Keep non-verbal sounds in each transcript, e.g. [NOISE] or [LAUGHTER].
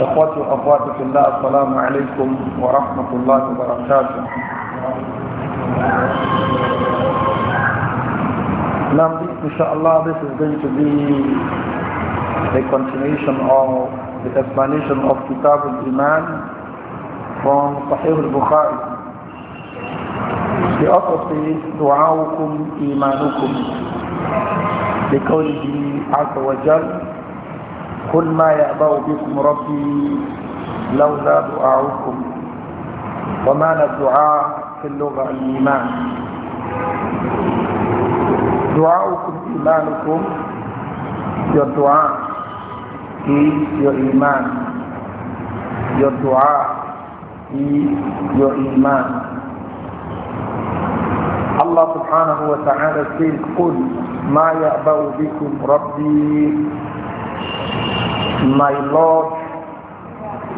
أخواتي وأخواتي في الله السلام عليكم ورحمة الله وبركاته Now, inshallah, this is going to be a continuation of the explanation of Kitab al-Iman from Sahih al-Bukhari. The author says, دعاؤكم إيمانكم لقوله عز وجل قل ما يأبأ بكم ربي لولا دعاؤكم وما الدعاء في اللغة الإيمان دعاؤكم إيمانكم يا دعاء is إيمان iman your dua إيمان الله سبحانه وتعالى subhanahu قل ما يأبأ بكم ربي My Lord,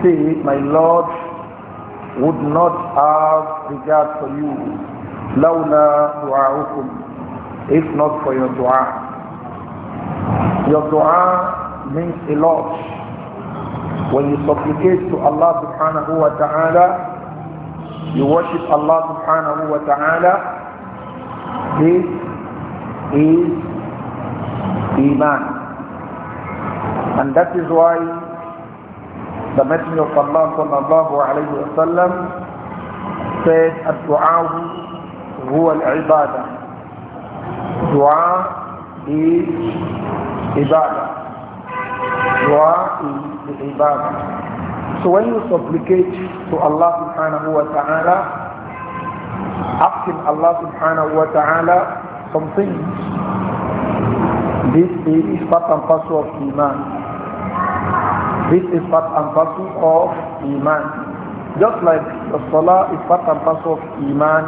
see, my Lord would not have regard for you. Lawla du'a'ukum. If not for your dua. Your dua means a lot. When you supplicate to Allah subhanahu wa ta'ala, you worship Allah subhanahu wa ta'ala, this is Iman. And that is why the Messenger of Allah sallallahu alayhi wa sallam said, Ad-du'a huwa al-ibadah. Dua is ibadah. Dua is ibadah. So when you supplicate to Allah subhanahu wa ta'ala, asking Allah subhanahu wa ta'ala some things, this is part and parcel of Iman. This is part and parcel of Iman. Just like the Salah is part and parcel of Iman,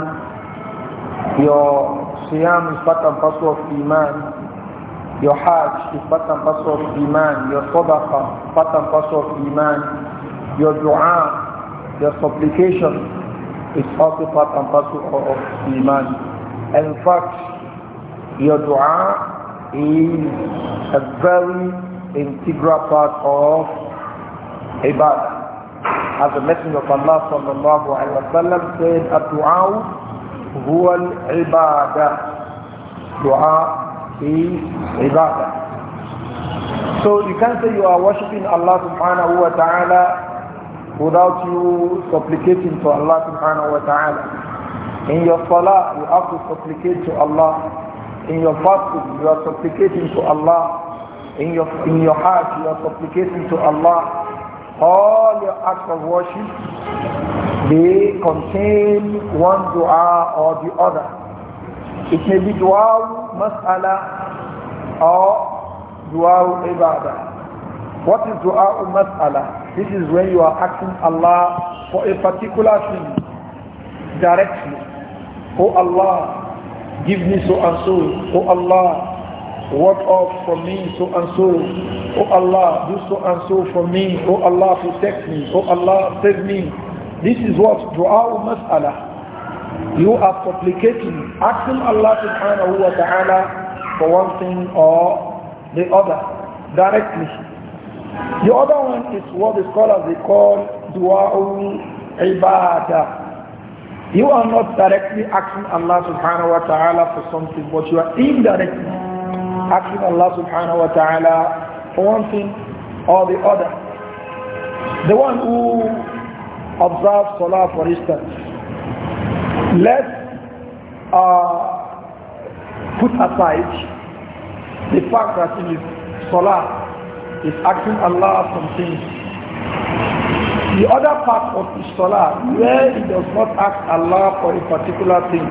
your Siyam is part and parcel of Iman, your Hajj is part and parcel of Iman, your Sadaqah part and parcel of Iman, your Dua, your supplication is also part and parcel of Iman. In fact, your dua is a very integral part of ibadah. As the Messenger of Allah sallallahu alayhi wa sallam said, Ad-du'a huwa al-ibadah. Dua is ibadah. So you can't say you are worshipping Allah subhanahu wa ta'ala without you supplicating to Allah subhanahu wa ta'ala. In your salah, you have to supplicate to Allah. In your fasting, you are supplicating to Allah in your in your heart you are supplicating to Allah all your acts of worship they contain one dua or the other it may be dua mas'ala or dua ibadah what is dua mas'ala this is when you are asking Allah for a particular thing directly oh Allah give me so and so oh Allah what of for me so and so? Oh Allah, do so and so for me. Oh Allah, protect me. Oh Allah, save me. This is what dua mas'ala. You are supplicating, asking Allah subhanahu wa ta'ala for one thing or the other directly. The other one is what the scholars they call dua ibadah. You are not directly asking Allah subhanahu wa ta'ala for something, but you are indirectly asking Allah subhanahu wa ta'ala for one thing or the other. The one who observes Salah for instance, let's uh, put aside the fact that in his Salah is asking Allah something. The other part of his Salah where he does not ask Allah for a particular thing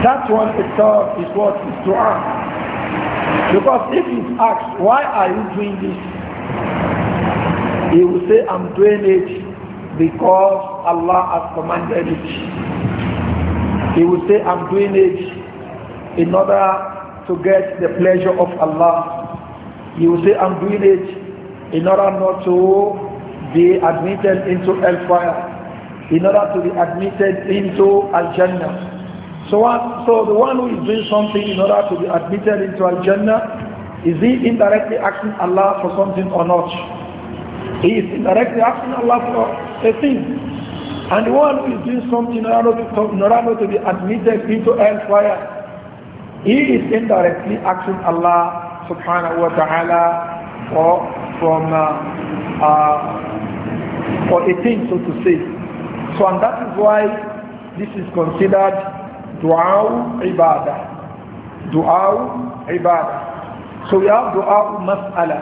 that one itself is what is to ask. Because if he's asked, why are you doing this? He will say, I'm doing it because Allah has commanded it. He will say, I'm doing it in order to get the pleasure of Allah. He will say, I'm doing it in order not to be admitted into hellfire, in order to be admitted into Al-Jannah. So, what, so the one who is doing something in order to be admitted into Al-Jannah, is he indirectly asking Allah for something or not? He is indirectly asking Allah for a thing. And the one who is doing something in order to, in order to be admitted into hellfire, he is indirectly asking Allah subhanahu wa ta'ala for, from, uh, uh, for a thing, so to say. So and that is why this is considered Dua ibadah. Dua ibadah. So we have dua mas'ala.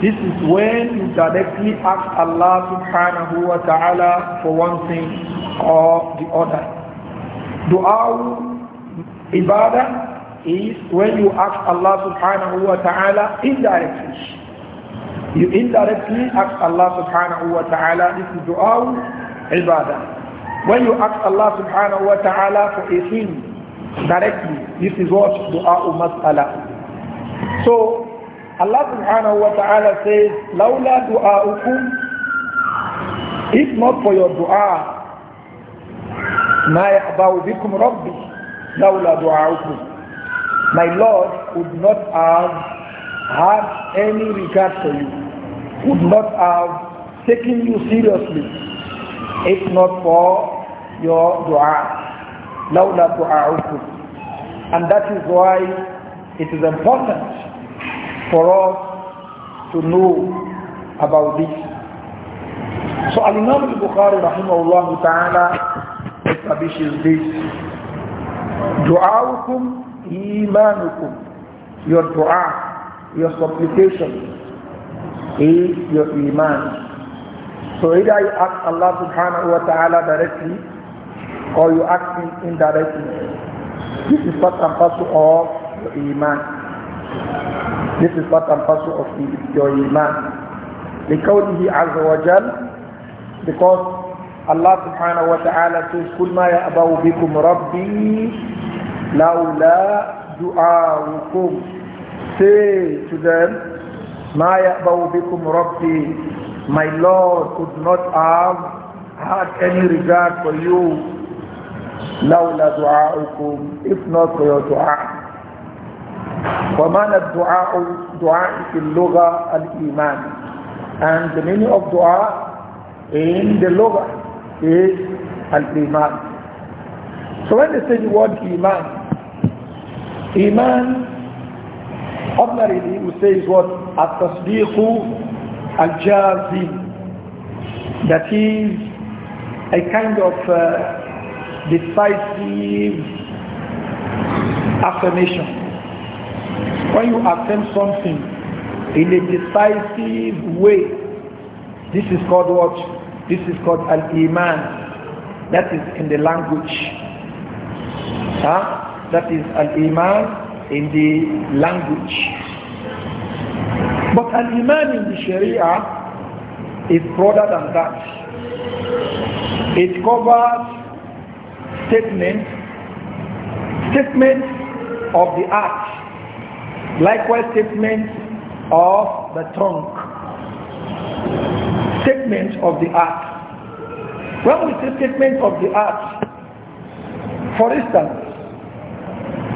This is when you directly ask Allah subhanahu wa ta'ala for one thing or the other. Dua ibadah is when you ask Allah subhanahu wa ta'ala indirectly. You indirectly ask Allah subhanahu wa ta'ala, this is dua ibadah. When you ask Allah subhanahu wa ta'ala for a thing directly, this is what dua mas'ala. So Allah subhanahu wa ta'ala says, Laula du'a'ukum, if not for your dua, bikum rabbi, laula My Lord would not have had any regard for you, would not have taken you seriously, if not for your dua. Lawla du'a'ukum. And that is why it is important for us to know about this. So Al-Imam al-Bukhari rahimahullah ta'ala establishes this. Du'a'ukum imanukum. Your dua, your supplication is your iman. So either I ask Allah subhanahu wa ta'ala directly or you act in indirectly. This is part and parcel of your iman. This is part and parcel of your iman. لقوله عز وجل because Allah subhanahu wa ta'ala says قل ما يأبأ بكم ربي لولا دعاؤكم say to them ما يأبأ بكم ربي my Lord could not have had any regard for you لولا دعاؤكم if not for your دعاء ومعنى الدعاء دعاء في اللغة الإيمان and the meaning of دعاء in the لغة is الإيمان so when they say the word إيمان إيمان ordinarily we say is what التصديق الجازم that is a kind of uh, decisive affirmation. When you affirm something in a decisive way, this is called what? This is called al-iman. That is in the language. Huh? That is al-iman in the language. But an iman in the sharia is broader than that. It covers Statement, statement of the arch. likewise statement of the tongue, Statement of the arch. When we say statement of the arch? for instance,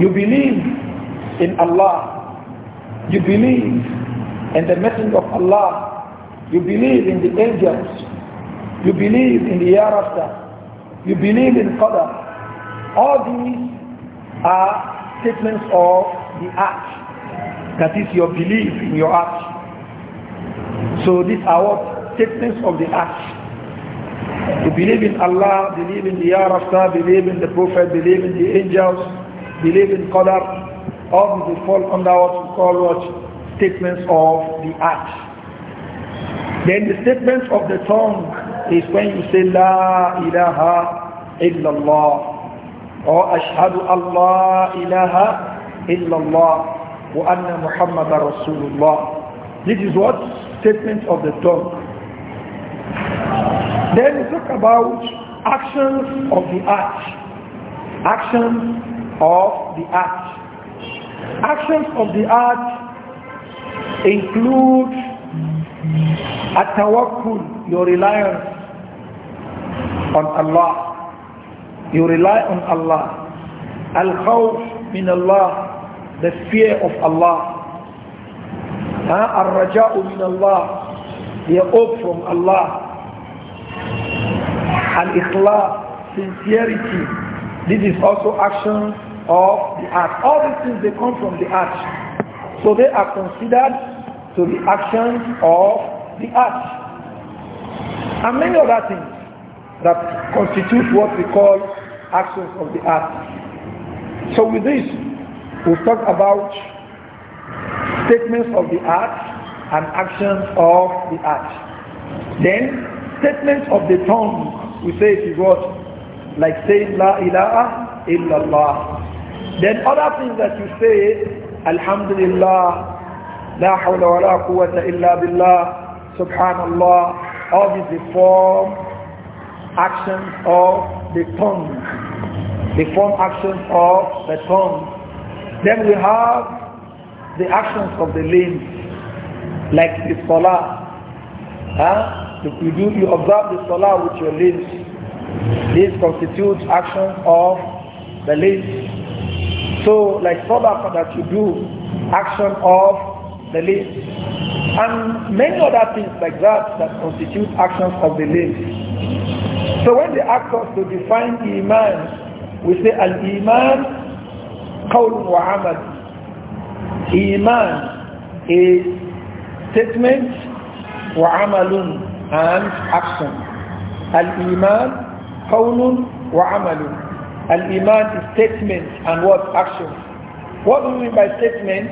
you believe in Allah, you believe in the Messenger of Allah, you believe in the angels, you believe in the hereafter, you believe in Qadr, all these are statements of the act. That is your belief in your act. So these are what statements of the act. You believe in Allah, believe in the hereafter, believe in the Prophet, believe in the angels, believe in Qadar. All these fall under what we call what? Statements of the act. Then the statements of the tongue is when you say La ilaha illallah or ashhadu Allah ilaha illallah wa anna Muhammad Rasulullah. This is what statement of the tongue. Then we talk about actions of the heart. Actions of the heart. Actions of the heart include at-tawakkul, your reliance on Allah you rely on Allah. Al-khawf min Allah, the fear of Allah. Al-raja'u min Allah, the hope from Allah. Al-ikhlas, sincerity. This is also action of the act. All these things, they come from the act. So they are considered to the actions of the act. And many other things that constitute what we call actions of the heart. So with this, we've talked about statements of the heart and actions of the heart. Then, statements of the tongue, we say it is what? Like saying La ilaha illallah. Then other things that you say, Alhamdulillah, La hawla wa la quwwata illa billah, Subhanallah, all these form actions of the tongue. The form actions of the tongue. Then we have the actions of the limbs, like the solar. Huh? You, do, you observe the solar with your limbs. This constitutes actions of the limbs. So like solar that you do, action of the limbs. And many other things like that that constitute actions of the limbs. So when they ask us to define the iman we say al-iman qawl wa amal. Iman is statement wa amalun and action. Al-iman qawl wa amalun. Al-iman is statement and what action. What do we mean by statement?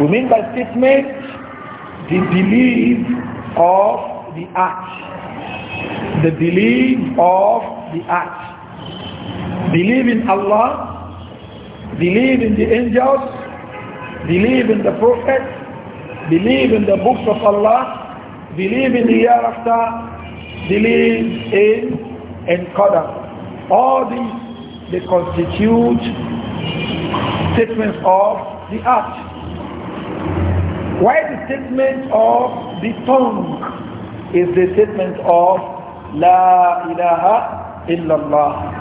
We mean by statement the belief of the act. The belief of the act. Believe in Allah, believe in the angels, believe in the prophet, believe in the books of Allah, believe in the hereafter, believe in and Qadr. All these, they constitute statements of the art. Why the statement of the tongue is the statement of La ilaha illallah.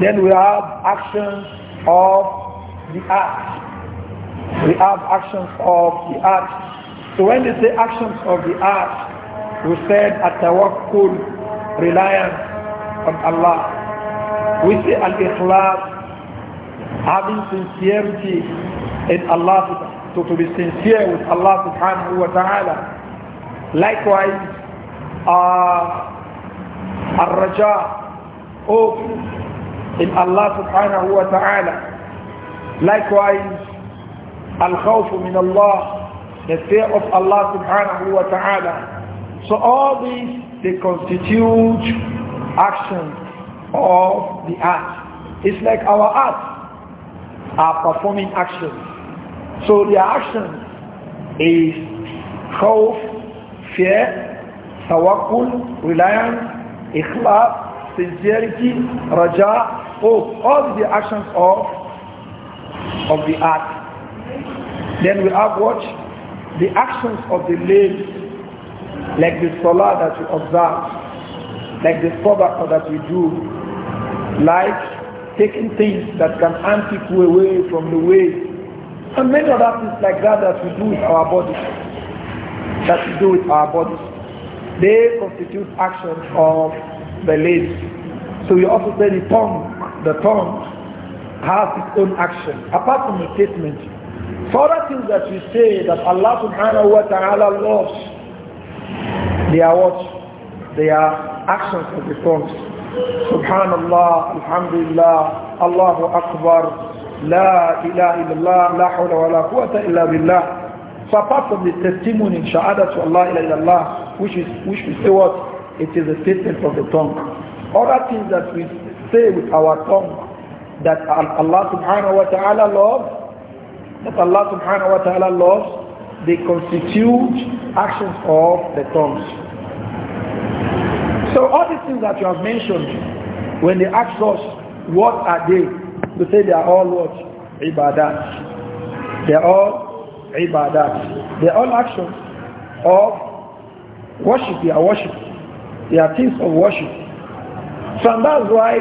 Then we have actions of the act. We have actions of the act. So when they say actions of the act, we said at-tawakkul, reliance on Allah. We say al-ikhlas, having sincerity in Allah, to, to be sincere with Allah subhanahu wa ta'ala. Likewise, uh, al-raja, hope, oh, in Allah subhanahu wa ta'ala. Likewise, al-khawfu min Allah, the fear of Allah subhanahu wa ta'ala. So all these, they constitute actions of the act. It's like our acts are performing actions. So the action is khawf, fear, tawakkul, reliance, ikhlas, sincerity, raja, hope, oh, all the actions of, of the act. Then we have what? The actions of the limbs, like the salah that we observe, like the sabbath that we do, like taking things that can harm people away from the way, and many other things like that that we do with our bodies, that we do with our bodies. They constitute actions of the limbs. So we also say the tongue, the tongue has its own action. Apart from the statement, further things that you say that Allah subhanahu wa ta'ala loves, they are what? They are actions of the tongue. Subhanallah, Alhamdulillah, Allahu Akbar, La ilaha illallah, La hawla wa la quwata illa billah. So apart from the testimony, Sha'ada to Allah ilaha illallah, which is, which we say what? It is a statement of the tongue. Other things that we say with our tongue that Allah subhanahu wa ta'ala loves, that Allah subhanahu wa ta'ala loves, they constitute actions of the tongues. So all these things that you have mentioned, when they ask us, what are they? We say they are all what? Ibadat. They are all ibadat. They are all actions of worship. They are worship. They are things of worship. So that's why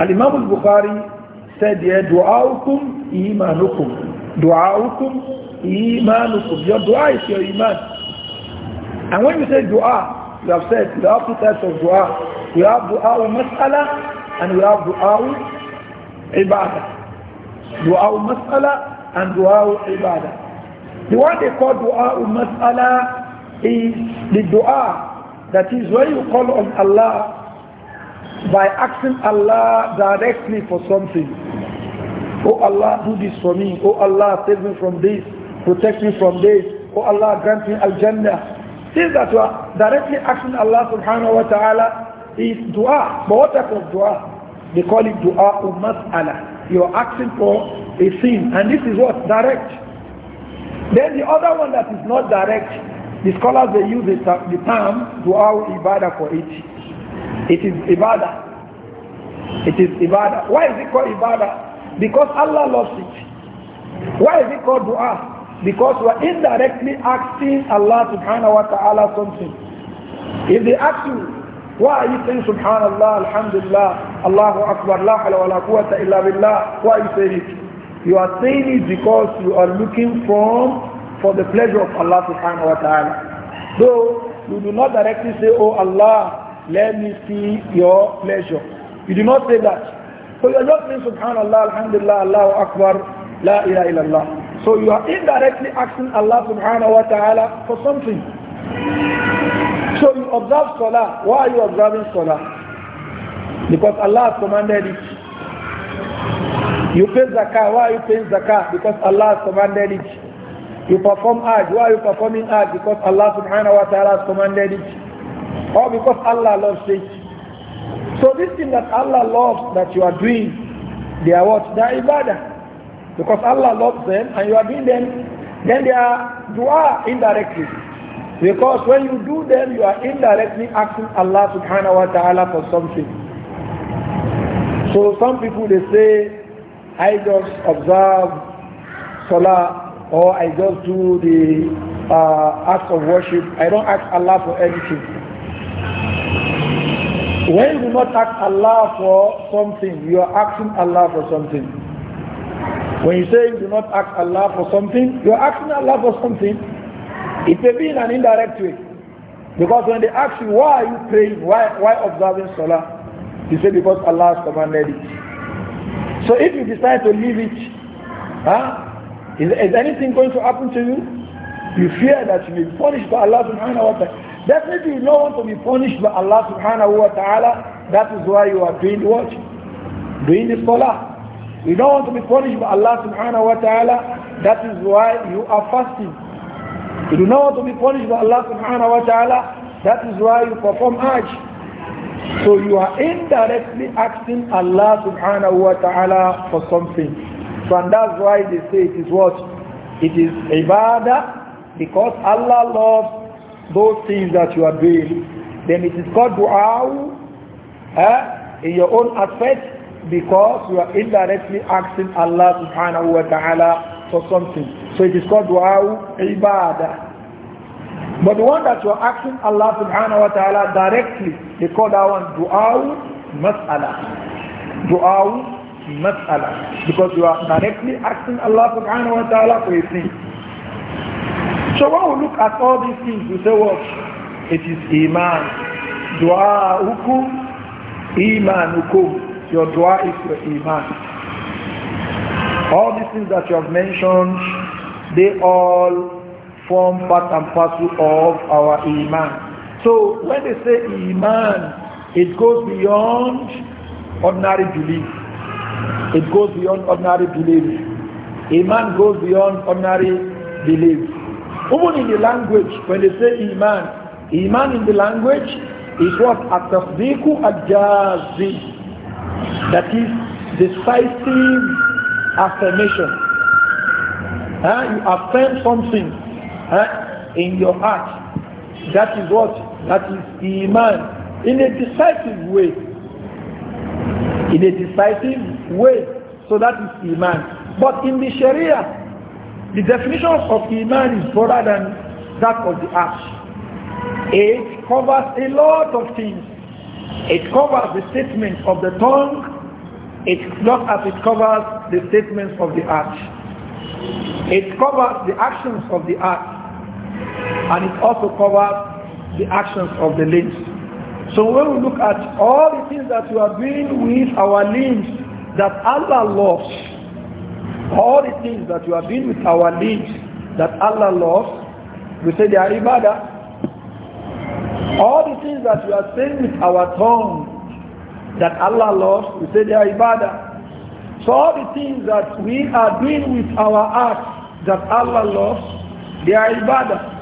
Al-Imam al-Bukhari said here, Du'aukum imanukum. Du'aukum imanukum. Your dua is your iman. And when you say dua, you have said there are two types of dua. We have dua mas'ala and we have dua ibadah. Dua mas'ala and dua ibadah. The one they call dua mas'ala is the dua that is when you call on Allah by asking Allah directly for something. Oh Allah, do this for me. Oh Allah, save me from this. Protect me from this. Oh Allah, grant me al-Jannah. Things that you are directly asking Allah subhanahu wa ta'ala is dua. But what type of dua? They call it dua ummat Allah. You are asking for a thing. And this is what? Direct. Then the other one that is not direct, the scholars they use the term dua ibadah for it. It is ibadah. It is ibadah. Why is it called ibadah? Because Allah loves it. Why is it called dua? Because we are indirectly asking Allah subhanahu wa ta'ala something. If they ask you, why are you saying subhanallah, alhamdulillah, Allahu akbar, la hala wa la quwwata illa billah, why are you saying it? You are saying it because you are looking from for the pleasure of Allah subhanahu wa ta'ala. Though you do not directly say, oh Allah, let me see your pleasure. You do not say that. So you are not saying subhanallah, alhamdulillah, Allahu akbar, la ilaha illallah. So you are indirectly asking Allah subhanahu wa ta'ala for something. So you observe salah. Why are you observing salah? Because Allah commanded it. You pay zakah. Why are you paying zakah? Because Allah commanded it. You perform hajj. Why are you performing hajj? Because Allah subhanahu wa ta'ala has commanded it or because Allah loves it. So this thing that Allah loves that you are doing, they are what? They are ibadah. Because Allah loves them and you are doing them, then they are dua indirectly. Because when you do them, you are indirectly asking Allah subhanahu wa ta'ala for something. So some people they say, I just observe salah or I just do the uh, acts of worship. I don't ask Allah for anything. When you do not ask Allah for something, you are asking Allah for something. When you say you do not ask Allah for something, you are asking Allah for something. It may be in an indirect way. Because when they ask you, why are you praying? Why, why observing Salah? You say, because Allah has commanded it. So if you decide to leave it, huh, is, is anything going to happen to you? You fear that you will be punished by Allah subhanahu wa ta'ala. Definitely you don't want to be punished by Allah subhanahu wa ta'ala. That is why you are doing what? Doing the salah. You don't want to be punished by Allah subhanahu wa ta'ala. That is why you are fasting. You do not want to be punished by Allah subhanahu wa ta'ala. That is why you perform Hajj. So you are indirectly asking Allah subhanahu wa ta'ala for something. So and that's why they say it is what? It is ibadah because Allah loves those things that you are doing, then it is called dua eh, in your own aspect because you are indirectly asking Allah subhanahu wa ta'ala for something. So it is called dua ibadah. But the one that you are asking Allah subhanahu wa ta'ala directly, they call that one dua mas'ala. Dua mas'ala. Because you are directly asking Allah subhanahu wa ta'ala for a thing. So when we look at all these things, we say what? It is Iman. Dua hukum, Iman hukum. Your dua is your Iman. All these things that you have mentioned, they all form part and parcel of our Iman. So when they say Iman, it goes beyond ordinary belief. It goes beyond ordinary belief. Iman goes beyond ordinary belief. Even in the language, when they say Iman, Iman in the language is what? At-Tasdiku That is decisive affirmation. Uh, you affirm something uh, in your heart. That is what? That is Iman. In a decisive way. In a decisive way. So that is Iman. But in the Sharia, The definition of Iman is broader than that of the act. It covers a lot of things. It covers the statements of the tongue, it not as it covers the statements of the act. It covers the actions of the act and it also covers the actions of the limbs. So when we look at all the things that we are doing with our limbs that Allah loves, all the things that you are doing with our lips that Allah loves, we say they are ibadah. All the things that you are saying with our tongue that Allah loves, we say they are ibadah. So all the things that we are doing with our heart that Allah loves, they are ibadah.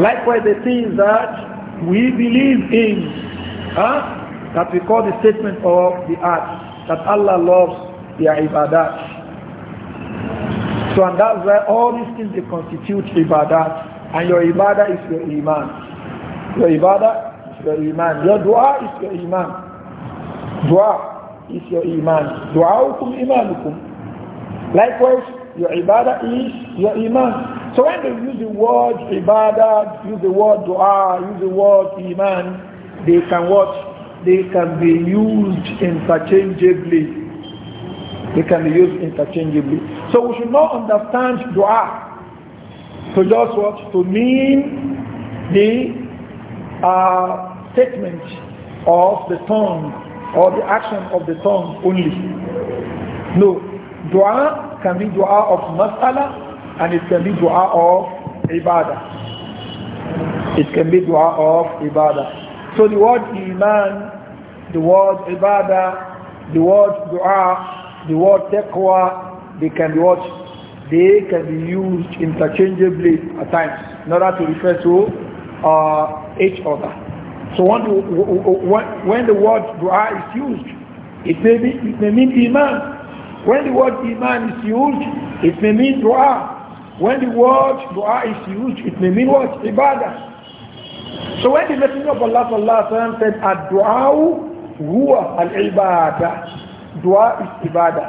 Likewise, the things that we believe in, huh? that we call the statement of the heart, that Allah loves are ibadah. So and that's why all these things they constitute ibadah. And your ibadah is your iman. Your ibadah is your iman. Your dua is your iman. Dua is your iman. Dua'ukum imanukum. Likewise, your ibadah is your iman. So when they use the word ibadah, use the word dua, use the word iman, they can what? They can be used interchangeably. They can be used interchangeably. So we should not understand dua to just what? To mean the uh, statement of the tongue or the action of the tongue only. No. Dua can be dua of mas'ala and it can be dua of ibadah. It can be dua of ibadah. So the word iman, the word ibadah, the word dua the word taqwa, they can be what? They can be used interchangeably at times in order to refer to uh, each other. So when, when the word dua is used, it may, be, it may mean iman. When the word iman is used, it may mean dua. When the word dua is used, it may mean what? Ibadah. So when the Messenger of Allah sallallahu said, "Ad-du'a huwa al-ibadah," Dua is ibadah.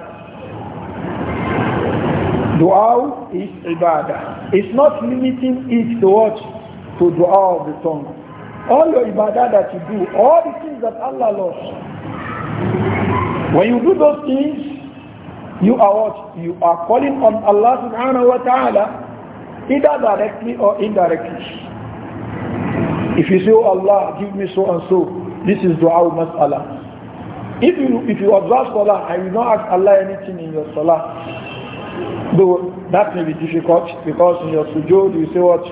Dua is ibadah. It's not limiting it to what? To dua of the tongue. All your ibadah that you do, all the things that Allah loves, when you do those things, you are what? You are calling on Allah subhanahu wa ta'ala, either directly or indirectly. If you say, oh Allah, give me so and so, this is dua masallah. If you, if you observe Salah and you not ask Allah anything in your Salah, though that may be difficult because in your sujood you say what?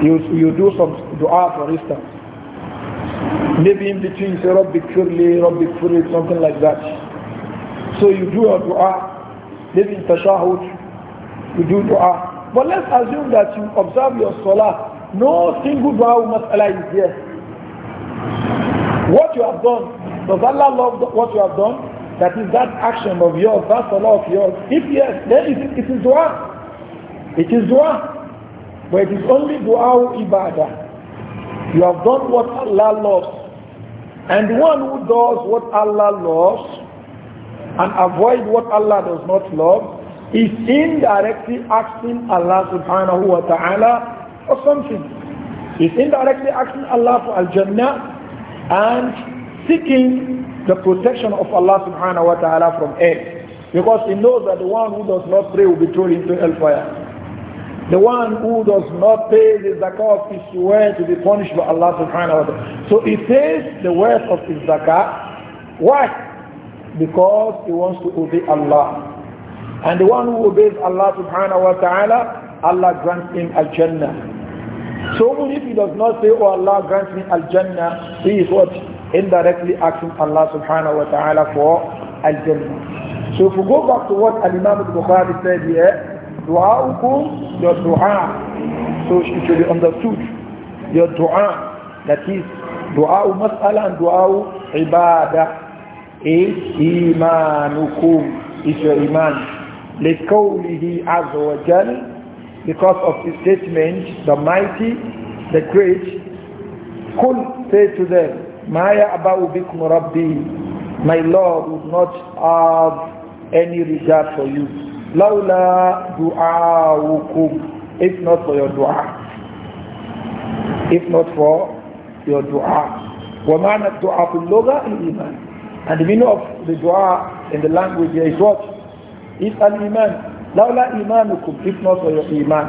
You, you do some dua for instance. Maybe in between you say Rabbi Kurli, Rabbi Kurli, something like that. So you do a dua, maybe in tashahud, you do dua. But let's assume that you observe your salah. No single dua allow is here. What you have done does Allah love what you have done? That is that action of yours, That's a lot of yours. If yes, then it, it is dua. It is dua. But it is only dua ibadah. You have done what Allah loves. And the one who does what Allah loves and avoid what Allah does not love is indirectly asking Allah subhanahu wa ta'ala for something. Is indirectly asking Allah for al-Jannah and seeking the protection of Allah subhanahu wa ta'ala from hell. Because he knows that the one who does not pray will be thrown into hellfire. The one who does not pay the zakat is his swear to be punished by Allah subhanahu wa ta'ala. So he pays the worth of his zakat. Why? Because he wants to obey Allah. And the one who obeys Allah subhanahu wa ta'ala, Allah grants him al-Jannah. So even if he does not say, oh Allah grant me al-Jannah, he is what? indirectly asking Allah subhanahu wa ta'ala for al-jannah. So if we go back to what Al-Imam al-Bukhari said here, du'a'ukum, your du'a. So it should be understood. Your du'a, that is du'a'u mas'ala and du'a'u ibadah, is imanukum, is your iman. لقوله عز وجل because of his statement the mighty the great could say to them Maya Abahu Bikum Rabbi, my Lord would not have any regard for you. Laula du'a'ukum, if not for your du'a. If not for your du'a. Wa ma'na du'a fil lugha iman. And the meaning of the du'a in the language is what? If an iman Laula imanukum, if not for your iman.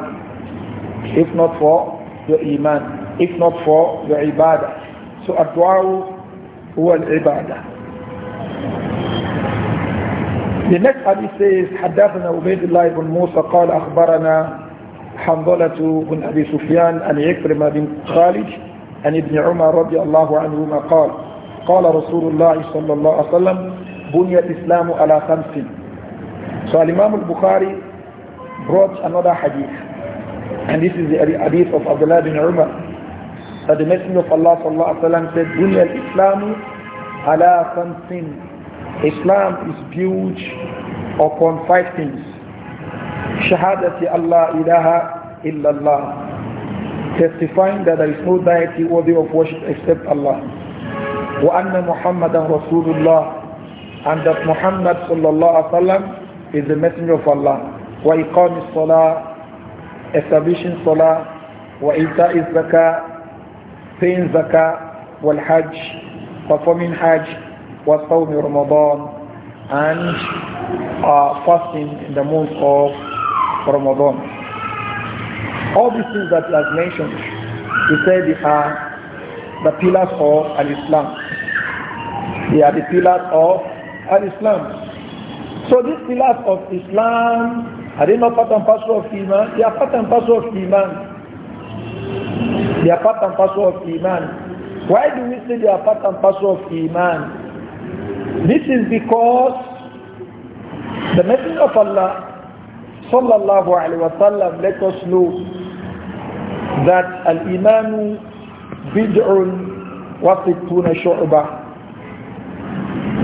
If not for your iman. If not for your ibadah. So addu'a huwa al-ibadah. The حدثنا عبيد الله بن موسى قال أخبرنا حنظلة بن أبي سفيان أن يكرم بن خالد أن ابن عمر رضي الله عنهما قال قال رسول الله صلى الله عليه وسلم بني الإسلام على خمس So Imam al-Bukhari brought another hadith and this is the hadith of Abdullah bin Umar That the message of Allah sallallahu alaihi wasallam said, "Dunya al-Islamu ala Islam is built upon five things: shahadati Allah ilaha illallah, testifying that there is no deity worthy of worship except Allah, wa anna Muhammadan Rasulullah, and that Muhammad sallallahu alaihi wasallam is the messenger of Allah, wa iqam salah, establishing salah, wa ita'iz zakah paying zakah, wal hajj, performing hajj, wa sawm Ramadan, and uh, fasting in the month of Ramadan. All these things that he has mentioned, he said they are the pillars of Al-Islam. They are the pillars of Al-Islam. So these pillars of Islam, are they not part and parcel of Iman? They are part and parcel of Iman. They are part and parcel of Iman. Why do we say they are part and parcel of Iman? This is because the message of Allah sallallahu alaihi wasallam let us know that al iman bid'un wa sittuna shu'ba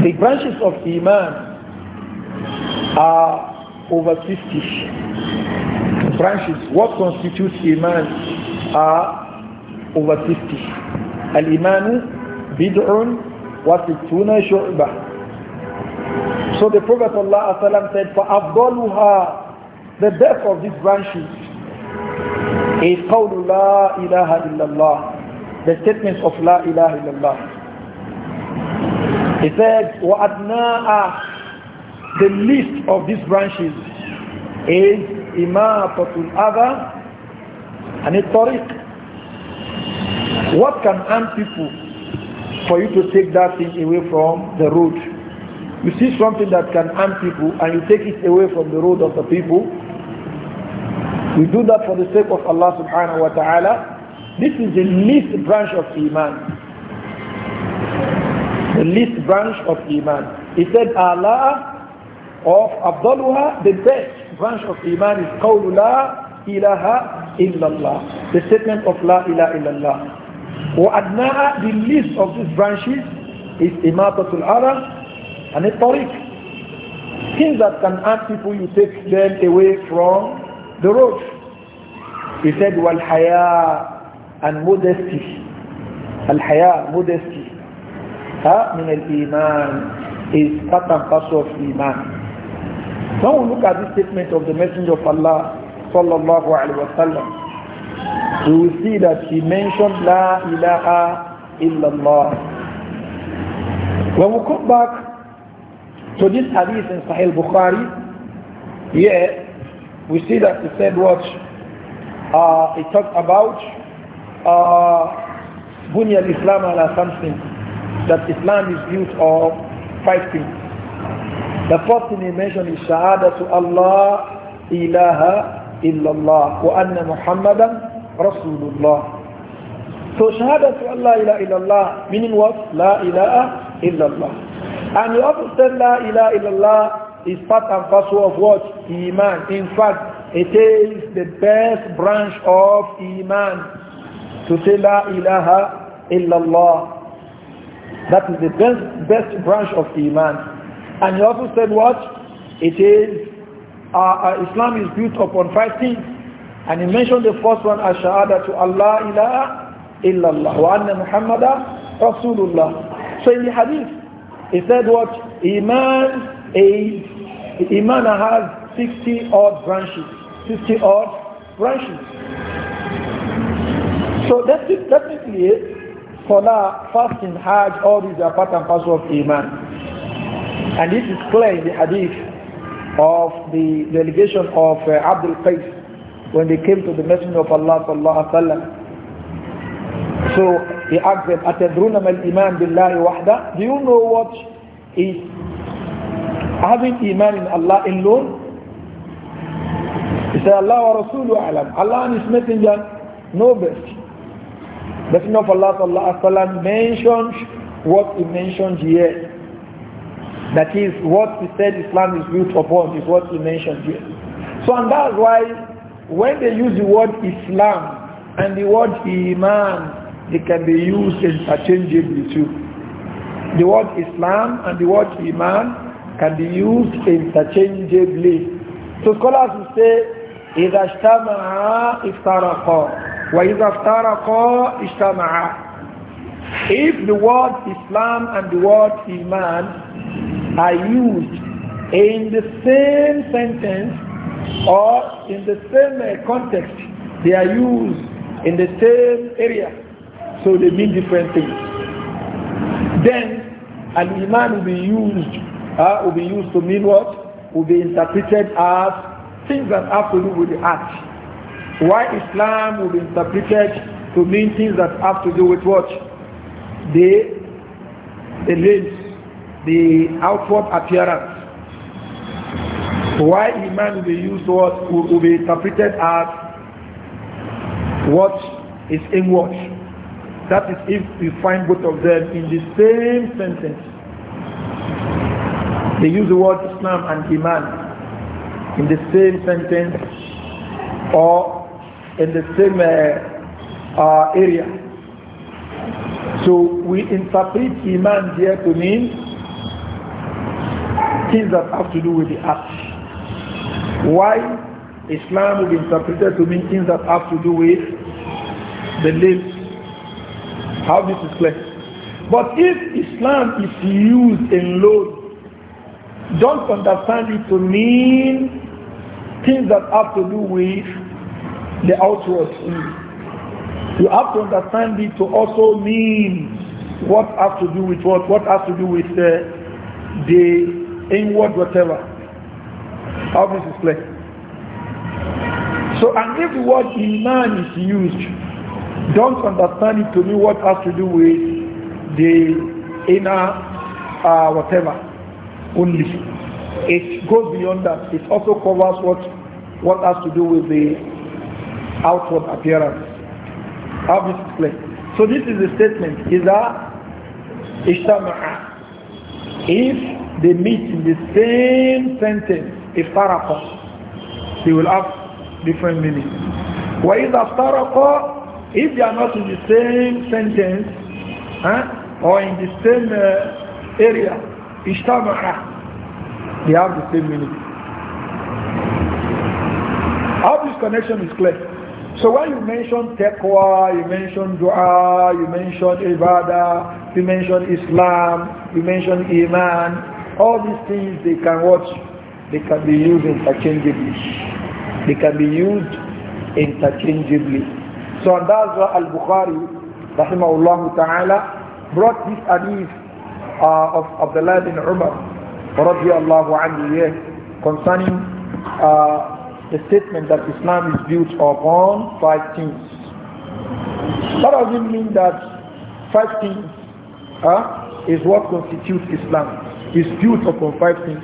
the branches of iman are over 50 branches what constitutes iman are over 50. Al-Imanu bid'un wa sittuna shu'bah. So the Prophet ﷺ said, فَأَفْضَلُهَا The best of these branches is قَوْلُ لَا إِلَهَ إِلَّا اللَّهِ The statements of La ilaha illallah. He said, وَأَدْنَاءَ The least of these branches is إِمَاطَةُ الْأَذَى it's الطَّرِيقِ what can harm people for you to take that thing away from the road? You see something that can harm people and you take it away from the road of the people. We do that for the sake of Allah subhanahu wa ta'ala. This is the least branch of Iman. The least branch of Iman. He said Allah of Abdullah, the best branch of Iman is Qawlu La ilaha illallah. The statement of La ilaha illallah. وأدناها the least of these branches is إماتة الأذى and الطريق things that can ask people you take them away from the road he said والحياء and modesty الحياء modesty ها من الإيمان is part and parcel of iman now we look at this statement of the messenger of Allah sallallahu alaihi wasallam we will see that he mentioned La ilaha illallah. When we come back to this hadith in Sahih Bukhari, yeah, we see that he said what? Uh, he talked about uh, Bunya al-Islam ala something, that Islam is built of five things. The first thing he mentioned is Shahada to Allah ilaha illallah wa anna Muhammadan Rasulullah. So shahada to Allah ila illallah, meaning what? La ilaha illallah. And you have to say La ilaha illallah is part and parcel of what? Iman. In fact, it is the best branch of Iman to say La ilaha illallah. That is the best, best branch of Iman. And you also said what? It is, uh, uh, Islam is built upon five things. And he mentioned the first one as Shahada to Allah ilaha illallah wa anna Muhammadan Rasulullah. So in the hadith, he said what? Iman, a Iman has 60 odd branches. 60 odd branches. So that's it, definitely it. Salah, fasting, Hajj, all these are part and parcel of Iman. And this is clear in the hadith of the delegation of uh, Abdul Qais when they came to the Messenger of Allah sallallahu alaihi wasallam. So he asked them, "Atadruna mal iman billahi wahda? Do you know what is having iman in Allah alone?" He said, "Allah wa Rasulu alam. Allah and His Messenger know best." Messenger of Allah sallallahu alaihi wasallam mentioned what he mentioned here. That is what he said Islam is built upon is what he mentioned here. So and that's why when they use the word Islam and the word Iman, they can be used interchangeably too. The word Islam and the word Iman can be used interchangeably. So scholars will say, إذا اجتمعا افترقا وإذا افترقا اجتمعا If the word Islam and the word Iman are used in the same sentence, or in the same uh, context they are used in the same area so they mean different things then an iman will be used uh, will be used to mean what will be interpreted as things that have to do with the act why islam will be interpreted to mean things that have to do with what the the limbs the outward appearance why iman will be used what will, will be interpreted as what is in what That is if you find both of them in the same sentence. They use the word Islam and Iman in the same sentence or in the same uh, uh, area. So we interpret Iman here to mean things that have to do with the act. Why Islam would be interpreted to mean things that have to do with the lips. How this is clear. But if Islam is used in law, don't understand it to mean things that have to do with the outward. You have to understand it to also mean what has to do with what, what has to do with uh, the inward whatever. How this is clear. So, and if the word iman is used, don't understand it to me. what has to do with the inner uh, whatever only. It goes beyond that. It also covers what what has to do with the outward appearance. How this is clear. So this is the statement. Is that If they meet in the same sentence, iftaraqa. They will have different meaning. وَإِذَا افترقا, if they are not in the same sentence huh, or in the same uh, area, اجتمعا, they have the same meaning. All this connection is clear. So when you mention taqwa, you mention dua, you mention ibadah, you mention Islam, you mention iman, all these things they can watch they can be used interchangeably. They can be used interchangeably. So and that's why Al-Bukhari, rahimahullah ta'ala, brought this hadith uh, of Abdullah bin Umar, radiallahu anhu, concerning uh, the statement that Islam is built upon five things. That doesn't mean that five things uh, is what constitutes Islam. It's built upon five things.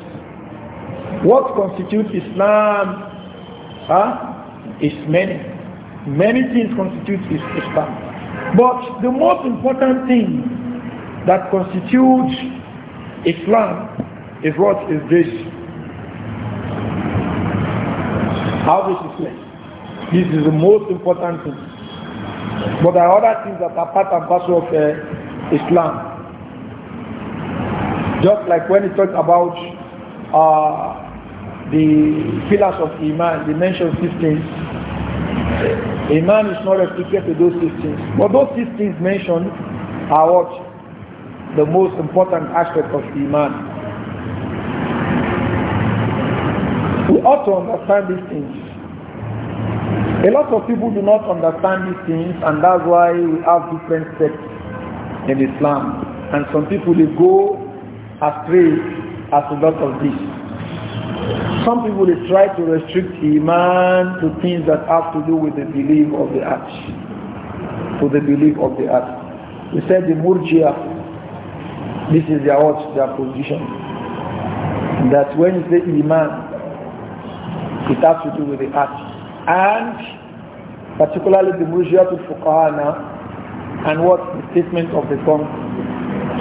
What constitutes Islam huh, is many. Many things constitute Islam. But the most important thing that constitutes Islam is what is this. How this is led. This is the most important thing. But there are other things that are part and parcel of uh, Islam. Just like when it talks about uh, the pillars of Iman, they mentioned six things. Iman is not restricted to those six things. But those six things mentioned are what? The most important aspect of Iman. We ought to understand these things. A lot of people do not understand these things and that's why we have different sects in Islam. And some people they go astray as a result of this. Some people they try to restrict Iman to things that have to do with the belief of the act. To the belief of the act. We said the Murjia, this is their what? Their position. That when you say Iman, it has to do with the act. And particularly the Murjia to Fuqahana and what? The statement of the tongue.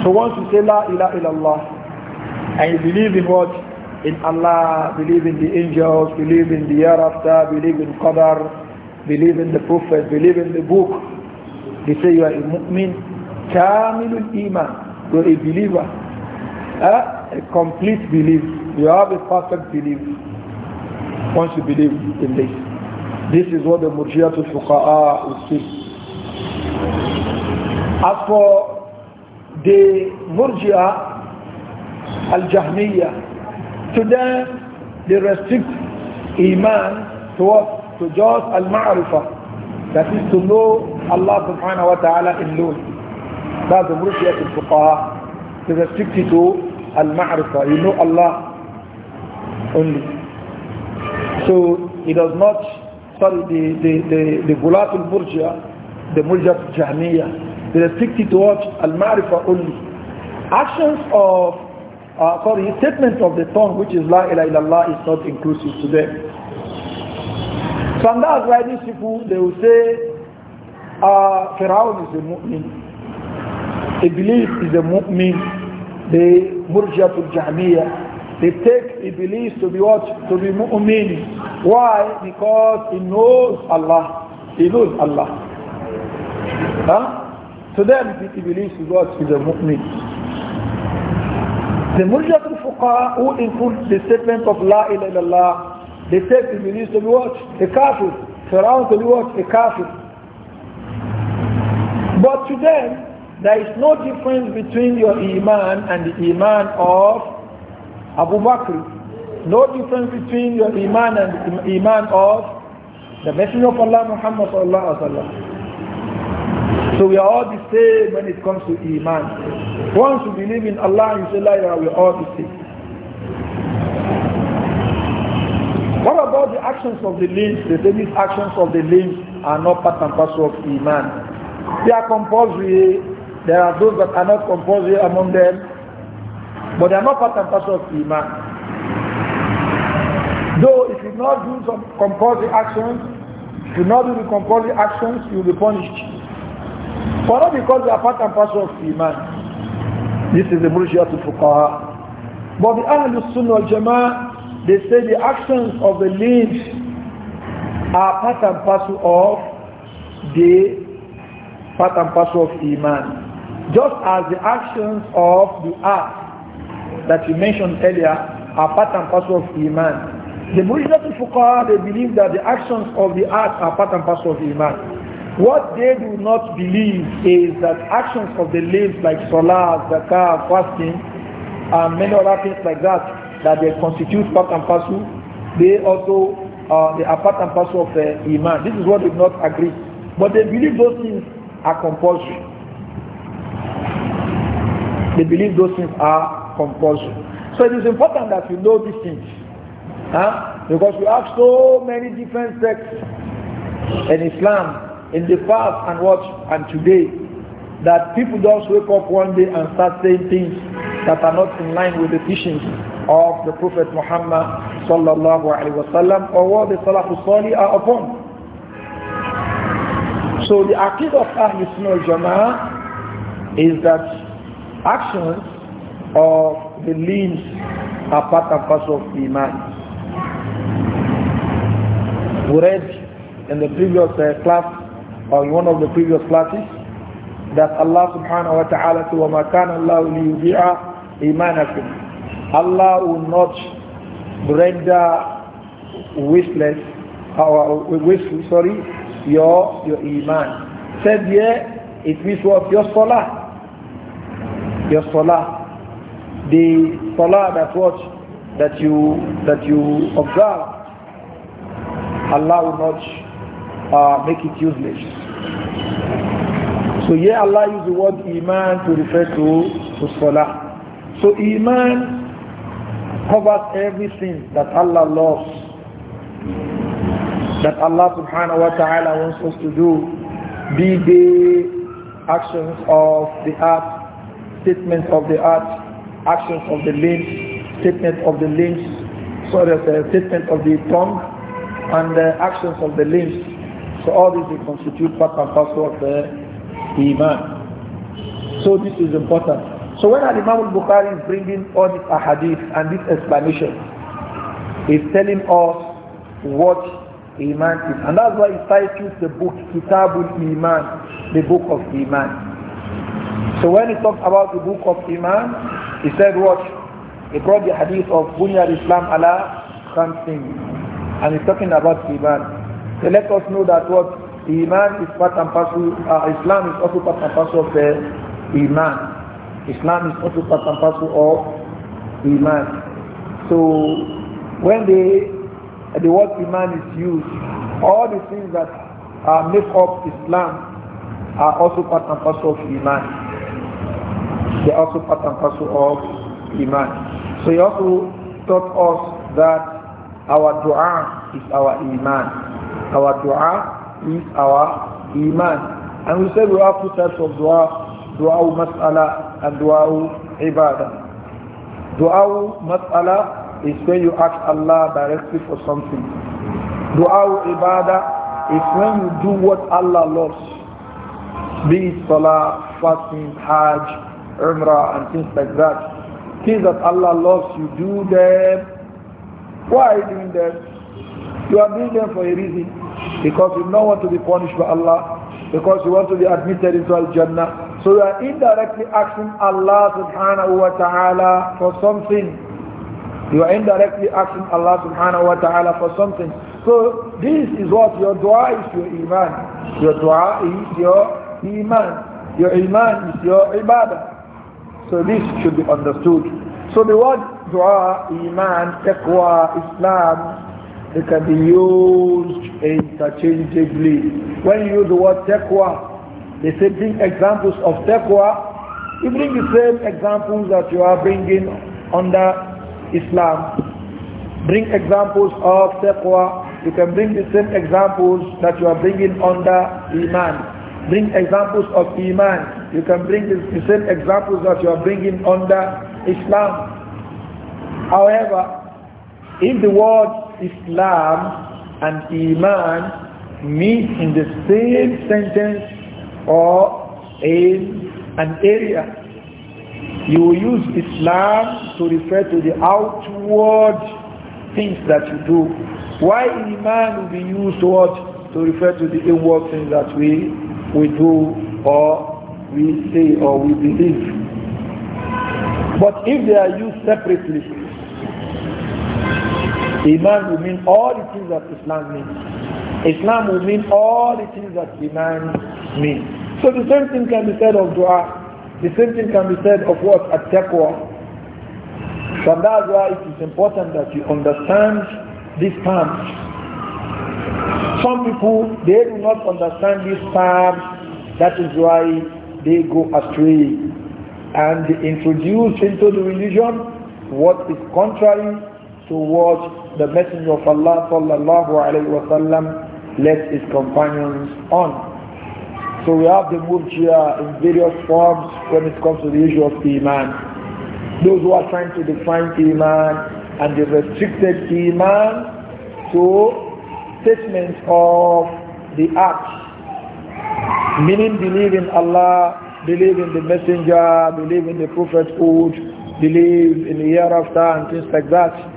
So once you say La ilaha illallah, and you believe in what? In Allah, believe in the angels, believe in the hereafter, believe in Qadar, believe in the Prophet, believe in the book. They say you are a mu'min, kamilul iman, you are a believer, uh, a complete belief. You have a perfect belief once you believe in this. This is what the Murjiatul Fuqa'a will say. As for the Murji'ah, Al-Jahmiyyah. To them, they restrict Iman to what? To just Al-Ma'rifah. That is to know Allah subhanahu wa ta'ala in Lul. That's the Murshiyat al-Fuqaha. They restrict it to Al-Ma'rifah. You know Allah only. So it does not, sorry, the, the, the, the Gulat al-Murjiyah, the Murjiyat al-Jahmiyyah, they restrict it to what? Al-Ma'rifah only. Actions of uh, sorry, statement of the tongue which is La ilaha illallah is not inclusive to them. So that's why these people, they will say, uh, Firaun is a mu'min. A belief is a mu'min. They murjatul jahmiya. They take a belief to be what? To be mu'min. Why? Because he knows Allah. He knows Allah. Huh? To them, he believes is what? Is a mu'min. The majority of fuqaha who include the statement of La ilaha illallah, they take the minister to be what? A kafir. Pharaoh to be what? A kafir. But to them, there is no difference between your iman and the iman of Abu Bakr. No difference between your iman and the iman of the Messenger of Allah Muhammad sallallahu alaihi wasallam. So we are all the same when it comes to iman. Once you believe in Allah, you say, La ilaha we all be saved. What about the actions of the limbs? They say these actions of the limbs are not part and parcel of Iman. They are compulsory. There are those that are not compulsory among them, but they are not part and parcel of Iman. Though if you do not do some compulsory actions, if you do not do the compulsory actions, you will be punished. But not because they are part and parcel of Iman. This is the Murjiyat al-Fuqaha. But the Ahlul Sunnah al-Jama'ah, they say the actions of the limbs are part and parcel of the part and parcel of Iman. Just as the actions of the heart that you mentioned earlier are part and parcel of Iman. The Murjiyat al-Fuqaha, they believe that the actions of the heart are part and parcel of Iman. What they do not believe is that actions of the limbs like salah, zakah, fasting, and many other things like that, that they constitute part and parcel, they also uh, they are part and parcel of the uh, iman. This is what they do not agree. But they believe those things are compulsory. They believe those things are compulsory. So it is important that you know these things. Huh? Because we have so many different sects in Islam in the past and what and today that people just wake up one day and start saying things that are not in line with the teachings of the Prophet Muhammad sallallahu alaihi wasallam or what the Salafus Salih are upon. So the aqid of Ahlul Sunnah Jama'ah is that actions of the limbs are part and parcel of the iman. We read in the previous uh, class or in one of the previous classes that Allah subhanahu wa ta'ala said, وَمَا كَانَ اللَّهُ لِيُذِيعَ imanakum." Allah will not render wishless, or wish, sorry, your, your iman. Said here, it means what? Your salah. Your salah. The salah that what? That you, that you observe. Allah will not uh, make it useless. So here, Allah used the word Iman to refer to, to Salah. So Iman covers everything that Allah loves, that Allah subhanahu wa ta'ala wants us to do, be the actions of the heart, statements of the heart, actions of the limbs, statements of the limbs, sorry, uh, statement of the tongue, and the uh, actions of the limbs. So all these constitute part and parcel of the Iman. So this is important. So when Imam al-Bukhari is bringing all these ahadith and this explanation, he's telling us what Iman is. And that's why he titles the book Kitabul Iman, the book of Iman. So when he talks about the book of Iman, he said what? He brought the hadith of Bunya al-Islam ala Khamsin. And he's talking about Iman. So let us know that what Iman is part and parcel, uh, Islam is also part and parcel of uh, Iman. Islam is also part and parcel of Iman. So when they, the word Iman is used, all the things that uh, make up Islam are also part and parcel of Iman. They are also part and parcel of Iman. So he also taught us that our dua is our Iman our dua is our iman. And we said we have two types of dua, dua mas'ala and dua ibadah. Dua mas'ala is when you ask Allah directly for something. Dua ibadah is when you do what Allah loves, be it salah, fasting, hajj, umrah and things like that. Things that Allah loves, you do them. Why are you doing them? You are doing them for a reason. Because you don't want to be punished by Allah. Because you want to be admitted into Al-Jannah. So you are indirectly asking Allah subhanahu wa ta'ala for something. You are indirectly asking Allah subhanahu wa ta'ala for something. So this is what your dua is your iman. Your dua is your iman. Your iman is your ibadah. So this should be understood. So the word dua, iman, taqwa, islam, it can be used interchangeably. When you use the word taqwa, the same examples of taqwa. You bring the same examples that you are bringing under Islam. Bring examples of taqwa. You can bring the same examples that you are bringing under Iman. Bring examples of Iman. You can bring the, same examples that you are bringing under Islam. However, if the word Islam and Iman meet in the same sentence or in an area. You use Islam to refer to the outward things that you do. Why Iman will be used what? To refer to the inward things that we, we do or we say or we believe. But if they are used separately, Iman will mean all the things that Islam means. Islam will mean all the things that Iman means. So the same thing can be said of dua. The same thing can be said of what? At taqwa. So that's why it is important that you understand these terms. Some people, they do not understand these terms. That is why they go astray. And they introduce into the religion what is contrary to what the Messenger of Allah sallallahu alayhi wa sallam left his companions on. So we have the Murjia in various forms when it comes to the issue of Iman. Those who are trying to define Iman and the restricted Iman to statements of the acts, meaning believe in Allah, believe in the Messenger, believe in the Prophethood, believe in the hereafter and things like that.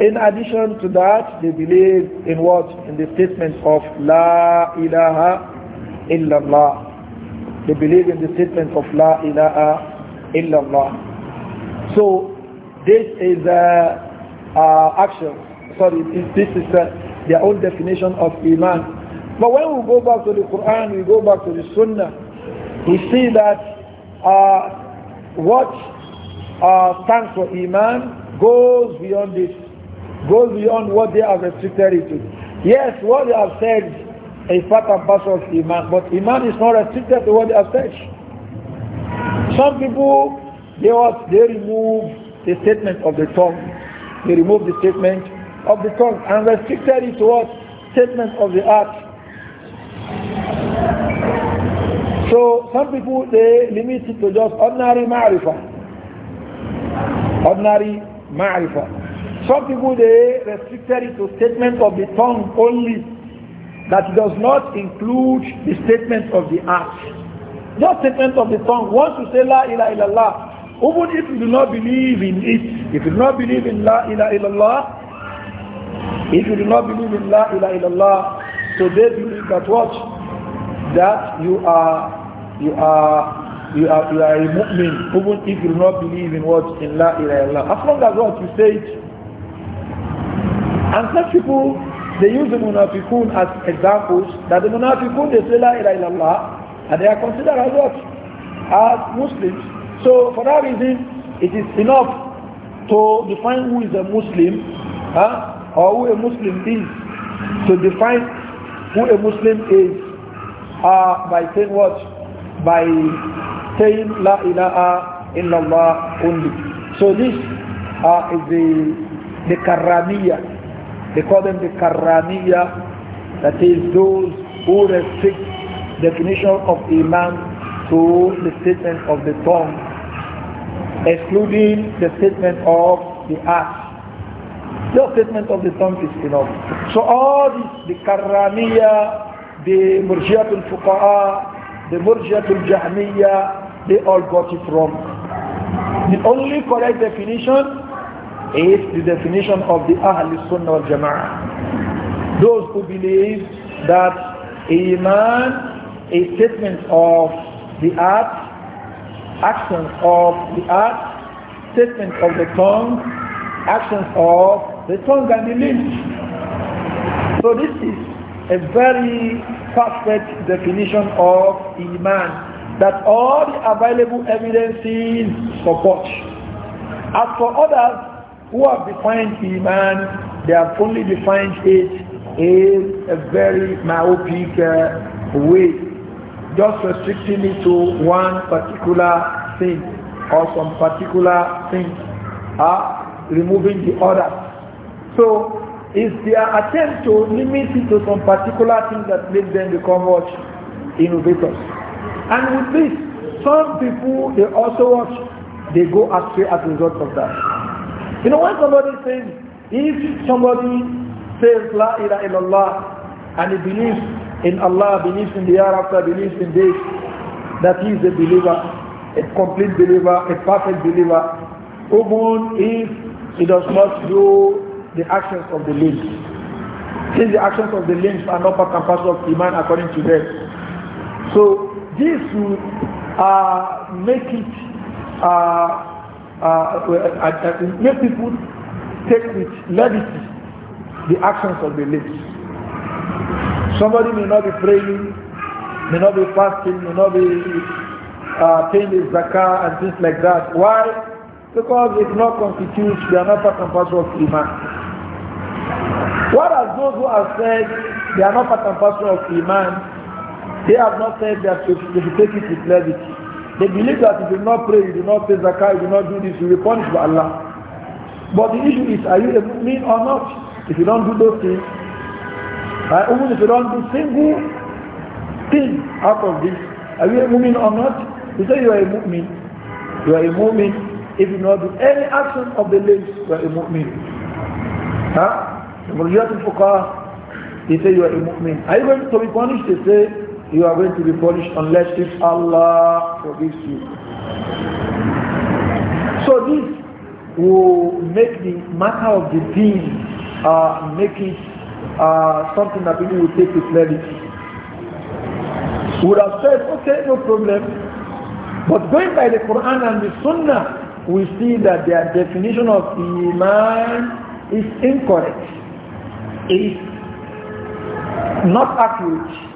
In addition to that, they believe in what? In the statement of La ilaha illallah. They believe in the statement of La ilaha illallah. So this is a uh, uh, action. Sorry, this is uh, their own definition of Iman. But when we go back to the Quran, we go back to the Sunnah, we see that uh, what uh, stands for Iman goes beyond this goes beyond what they have restricted it to. Yes, what they have said is part and parcel of Iman, but Iman is not restricted to what they have said. Some people, they, was, they remove the statement of the tongue. They remove the statement of the tongue and restricted it to what? Statement of the heart. So some people, they limit it to just ordinary ma'rifah. Ordinary ma'rifah. Some people, they restricted it to statement of the tongue only. That does not include the statement of the heart. Just statement of the tongue. Once you say La ilaha illallah, even if you do not believe in it, if you do not believe in La ilaha illallah, if you do not believe in La ilaha illallah, so they believe that what? That you are, you are you are you are a mu'min even if you do not believe in what in la ilaha illallah. As long as what you say it, and such people, they use the munafiqun as examples, that the munafiqun, they say la ilaha illallah, and they are considered as what? As Muslims. So for that reason, it is enough to define who is a Muslim, huh? or who a Muslim is, to define who a Muslim is uh, by saying what? By saying la ilaha illallah only. So this uh, is the the karamiya they call them the Karamiya, that is those who restrict definition of Iman to the statement of the tongue, excluding the statement of the act. The statement of the tongue is enough. So all this, the Karamiya, the Murjiatul Fuqa'a, the Murjiatul Jahmiya, they all got it wrong. The only correct definition is the definition of the Ahl Sunnah wal Jama'ah. Those who believe that Iman, a statement of the art, actions of the art, statement of the tongue, actions of the tongue and the lips. So this is a very perfect definition of Iman that all the available evidences support. As for others, who have defined Iman, they have only defined it in a very myopic uh, way, just restricting it to one particular thing or some particular thing, uh, removing the other. So it's their attempt to limit it to some particular thing that makes them become what? Innovators. And with this, some people, they also watch, they go astray as a result of that. You know, when somebody says, if somebody says La ilaha illallah and he believes in Allah, believes in the hereafter, believes in this, that he is a believer, a complete believer, a perfect believer, even if he does not do the actions of the limbs. Since the actions of the limbs are not part and parcel of Iman according to them. So this will uh, make it uh, uh, uh, uh, make people take with levity the actions of the lips. Somebody may not be praying, may not be fasting, may not be uh, paying his zakah and things like that. Why? Because it not constitutes, they are not part and parcel of Iman. What are those who have said they are not part and parcel of Iman? They have not said that they should take it with levity. They believe that if you do not pray, you do not pay zakah, you do not do this, you will be punished by Allah. But the issue is, are you a mu'min or not? If you don't do those things, uh, even if you don't do single thing out of this, are you a mu'min or not? You say you are a mu'min. You are a mu'min. If you not do any action of the limbs, you are a mu'min. Huh? The majority of they say you are a mu'min. Are you going to be punished? They say, you are going to be punished unless if Allah forgives you. So this will make the matter of the deen uh, make it uh, something that people will take with levity. Would have said, okay, no problem. But going by the Quran and the Sunnah, we see that their definition of Iman is incorrect. It is not accurate.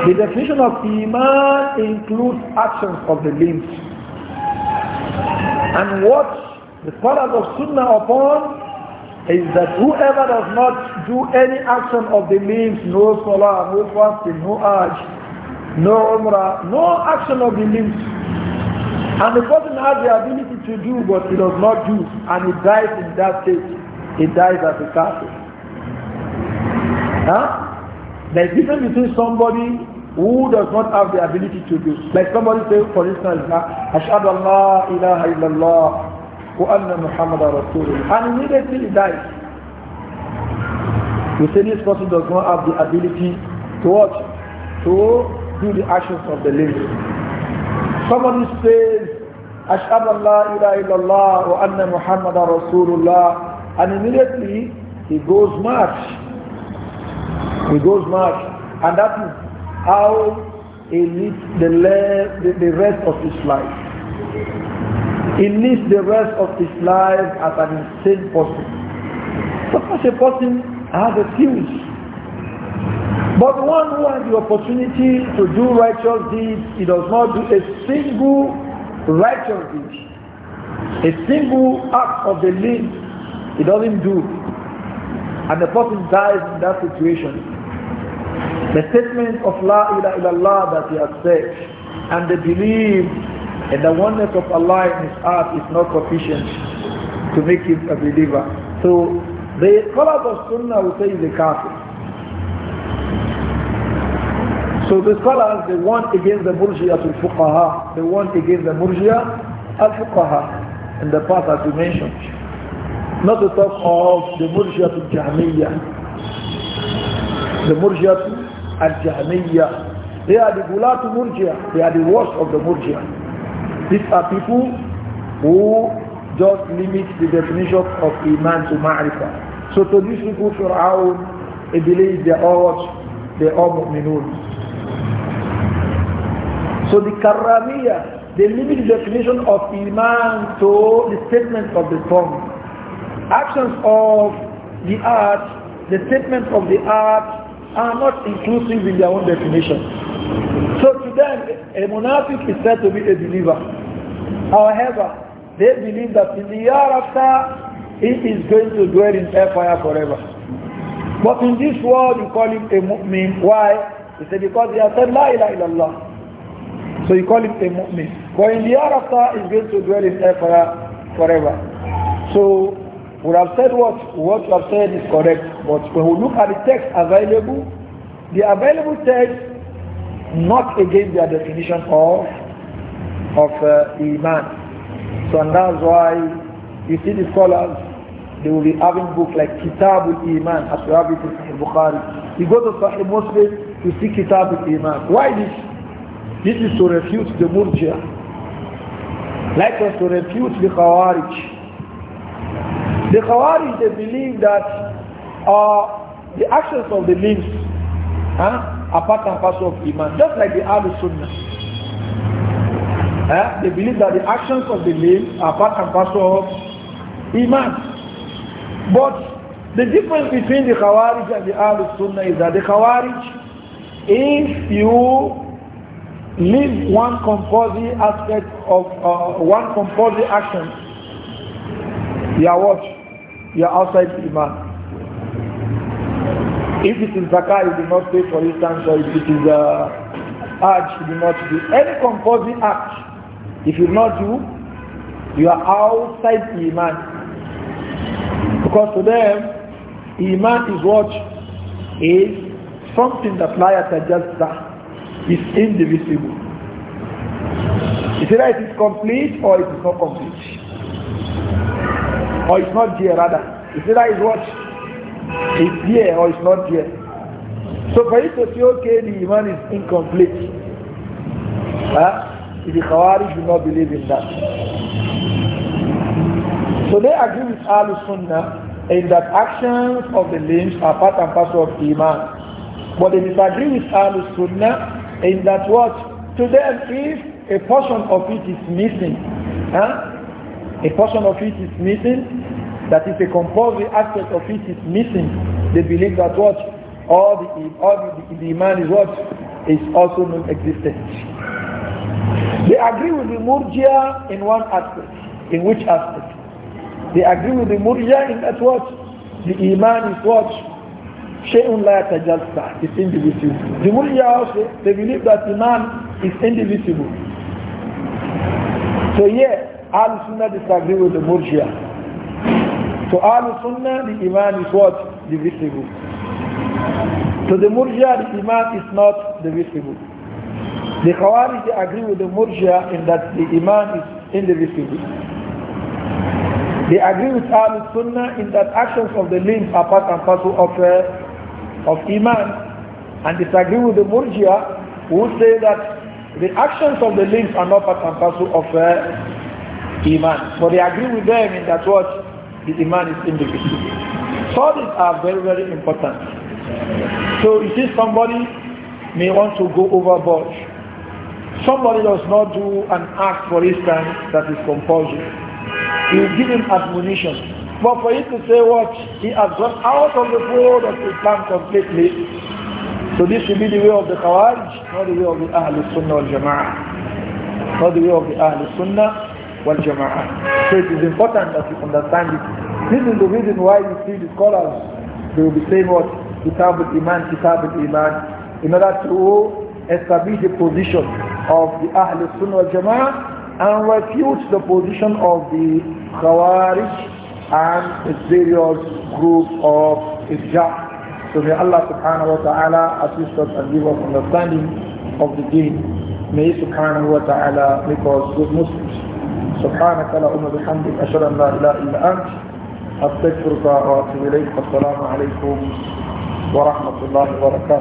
The definition of Iman includes actions of the limbs. And what the scholars of Sunnah upon is that whoever does not do any action of the limbs, no salah, no fasting, no hajj, no umrah, no action of the limbs, and the person has the ability to do but he does not do, and he dies in that state, he dies as a kafir. Huh? There is difference between somebody who does not have the ability to do. Like somebody say, for instance, uh, Ashhadu Allah ilaha illallah wa anna Muhammad Rasulullah. And immediately he dies. You say this person does not have the ability to what? To do the actions of the living. Somebody says, Ashhadu Allah ilaha illallah wa anna Muhammad Rasulullah. And immediately he goes mad. He goes mad. And that is how he lives the, the, the rest of his life. He lives the rest of his life as an insane person. such a person has a excuse. But one who has the opportunity to do righteous deeds, he does not do a single righteous deed. A single act of the limbs he doesn't do. And the person dies in that situation. The statement of La ilaha illallah that he accepts and the belief in the oneness of Allah in his heart is not sufficient to make him a believer. So the scholars of Sunnah will say he's a kafir. So the scholars, they want against the murjiya al fuqaha. They want against the murjiya al fuqaha in the past that you mentioned. Not to talk of the murjiya al jahmiyyah the Murjiat al Jahmiyah. They are the Gulat Murjiah. They are the worst of the Murjiah. These are people who just limit the definition of Iman to Ma'rifah. So to these people, Fir'aun, they believe they are the They are mu'minun. So the karamiya, they limit the definition of iman to the statement of the tongue. Actions of the art, the statement of the art are not inclusive in their own definition. So to them, a monastic is said to be a believer. However, they believe that in the year after, he is going to dwell in hellfire forever. But in this world, you call him a mu'min. Why? He said, because he has said, La ilaha illallah. So you call him a mu'min. But in the year after, he's going to dwell in hellfire forever. So would have said what what you have said is correct, but when we look at the text available, the available text not against their definition of of uh, iman. So and that's why you see the scholars they will be having books like Kitabul Iman as we have it in Bukhari. You go to Sahih Muslim, you see Kitabul Iman. Why this? This is to refute the Murjia. us to refute the Khawarij. The Khawarij, they believe that uh, the actions of the limbs huh, are part and parcel of Iman, just like the Ahlul Sunnah. Eh, they believe that the actions of the limbs are part and parcel of Iman. But the difference between the Khawarij and the Ahlul Sunnah is that the Khawarij, if you leave one composite aspect of uh, one composite action, you are watched you are outside the Iman. If it is Zakah, you do not pay for instance, or if it is uh, Hajj, you do not do any compulsory act. If you do not do, you are outside the Iman. Because to them, Iman is what is something that liar tajazza is indivisible. It's either it is complete or it is not complete. Or it's not there rather. It's either it's what? It's here or it's not here. So for you to say, okay, the iman is incomplete. Huh? The Khawarij do not believe in that. So they agree with Al Sunnah in that actions of the limbs are part and parcel of Iman. But they disagree with Al Sunnah in that what? To them, if a portion of it is missing, huh? a portion of it is missing, that is a compulsory aspect of it is missing. They believe that what? All the, all the, the, the iman is what? Is also non-existent. They agree with the murjia in one aspect. In which aspect? They agree with the murjia in that what? The iman is what? Shay'un la tajalsa. It's indivisible. The murjia also, they believe that iman is indivisible. So yeah, Al-Sunnah disagree with the murjia all the Sunnah, the Iman is what? Divisible. So the Murjia, the Iman is not divisible. The Khawarij they agree with the Murja in that the Iman is indivisible. They agree with the Sunnah in that actions of the limbs are part and parcel of, uh, of Iman and disagree with the Murja who say that the actions of the limbs are not part and parcel of uh, Iman. But they agree with them in that what the iman is indicated. So these are very, very important. So you see somebody may want to go overboard. Somebody does not do an act, for instance, that is compulsory. You give him admonition. But for him to say what? He has gone out of the fold of Islam completely. So this will be the way of the Khawarij, not the way of the Ahlul Sunnah wal Jama'ah. Not the way of the Ahlul Sunnah wal So it is important that you understand it. This is the reason why you see the scholars, they will be saying what? Kitab al-Iman, Kitab iman in order to establish the position of the Ahl Sunnah wal Jama'ah and refute the position of the Khawarij and its various groups of Ijah. So may Allah subhanahu wa ta'ala assist us and give us understanding of the deen. May subhanahu wa ta'ala make us good Muslims. سبحانك اللهم بحمدك أشهد أن لا إله إلا أنت أستغفرك وأتوب إليك والسلام عليكم ورحمة الله وبركاته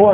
هو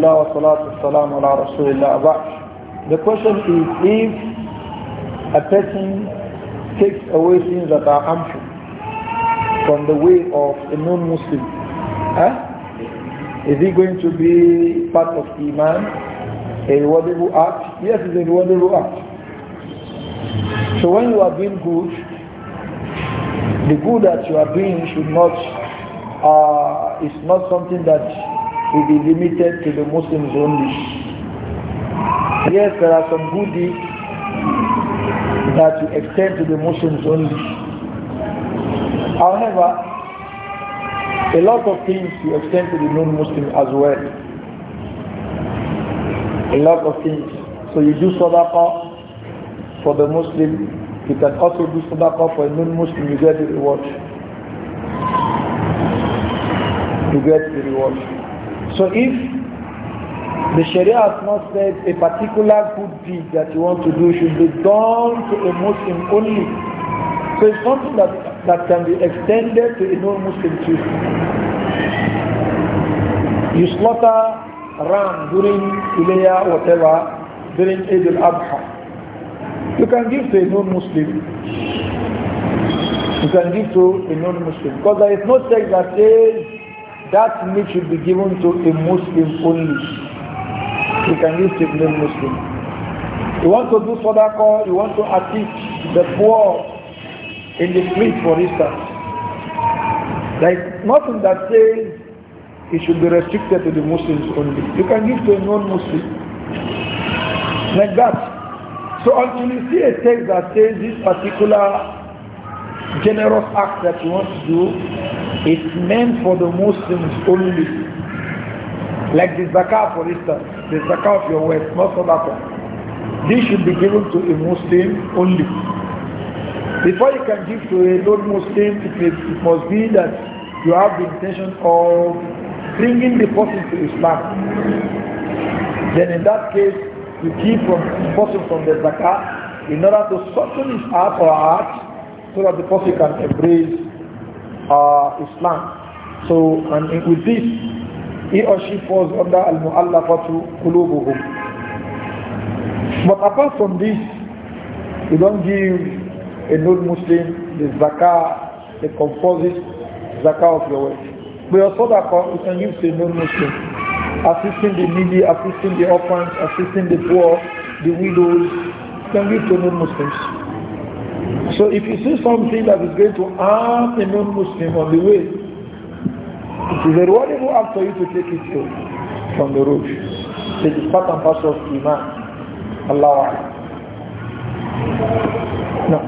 Alhamdulillah wa salatu salam ala Rasulillah. the question is if a person takes away things that are harmful from the way of a non-Muslim, huh? Eh, is he going to be part of Iman, a rewardable act? Yes, it's a rewardable act. So when you are doing good, the good that you are doing should not, uh, is not something that will be limited to the Muslims only. Yes, there are some good deeds that you extend to the Muslims only. However, a lot of things you extend to the non-Muslim as well. A lot of things. So you do sadaqah for the Muslim. You can also do sadaqah for a non-Muslim. You get the reward. You get the reward. So if the Sharia has not said a particular good deed that you want to do should be done to a Muslim only, so it's something that, that can be extended to a non-Muslim too. You slaughter ram during Ilayah, whatever, during Eid al-Adha. You can give to a non-Muslim. You can give to a non-Muslim. Because there is no text that says that meat should be given to a Muslim only. You can give to name Muslim. You want to do sadaqah, you want to assist the poor in the street, for instance. There is nothing that says it should be restricted to the Muslims only. You can give to a non-Muslim. Like that. So until you see a text that says this particular generous act that you want to do, it's meant for the Muslims only. Like the zakah, for instance, the zakah of your wealth, not that. This should be given to a Muslim only. Before you can give to a non-Muslim, it, it must be that you have the intention of bringing the person to Islam. Then in that case, you give from the person from the zakah in order to soften his heart or heart so that the person can embrace uh, Islam. So, and with this, he or she falls under al-mu'allafatu qulubuhum. But apart from this, you don't give a non-Muslim the zakah, the composite zakah of your wealth. But your sadaqah, you can give to a non-Muslim, assisting the needy, assisting the orphans, assisting the poor, the widows, you can give to non-Muslims. So if you see something that is going to harm a non-Muslim on the way, it is a rewardable act for you to take it to, from the roof. It is part and parcel of Iman. Allah No.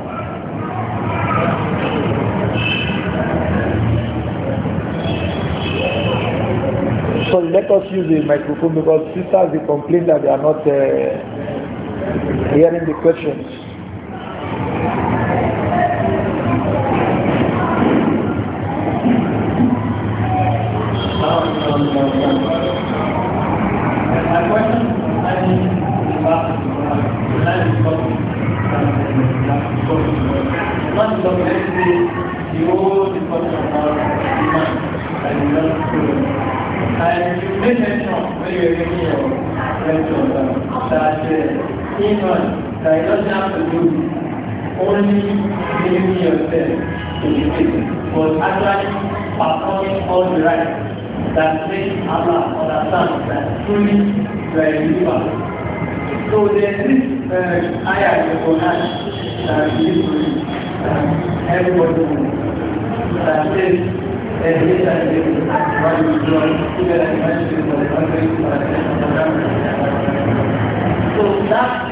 So let us use the microphone because sisters they complain that they are not uh, hearing the questions. absolute only believing yourself to be faithful actually performing all the rights that make Allah understand that truly you are a So there is this uh, that is um, everybody that is one who joins together So that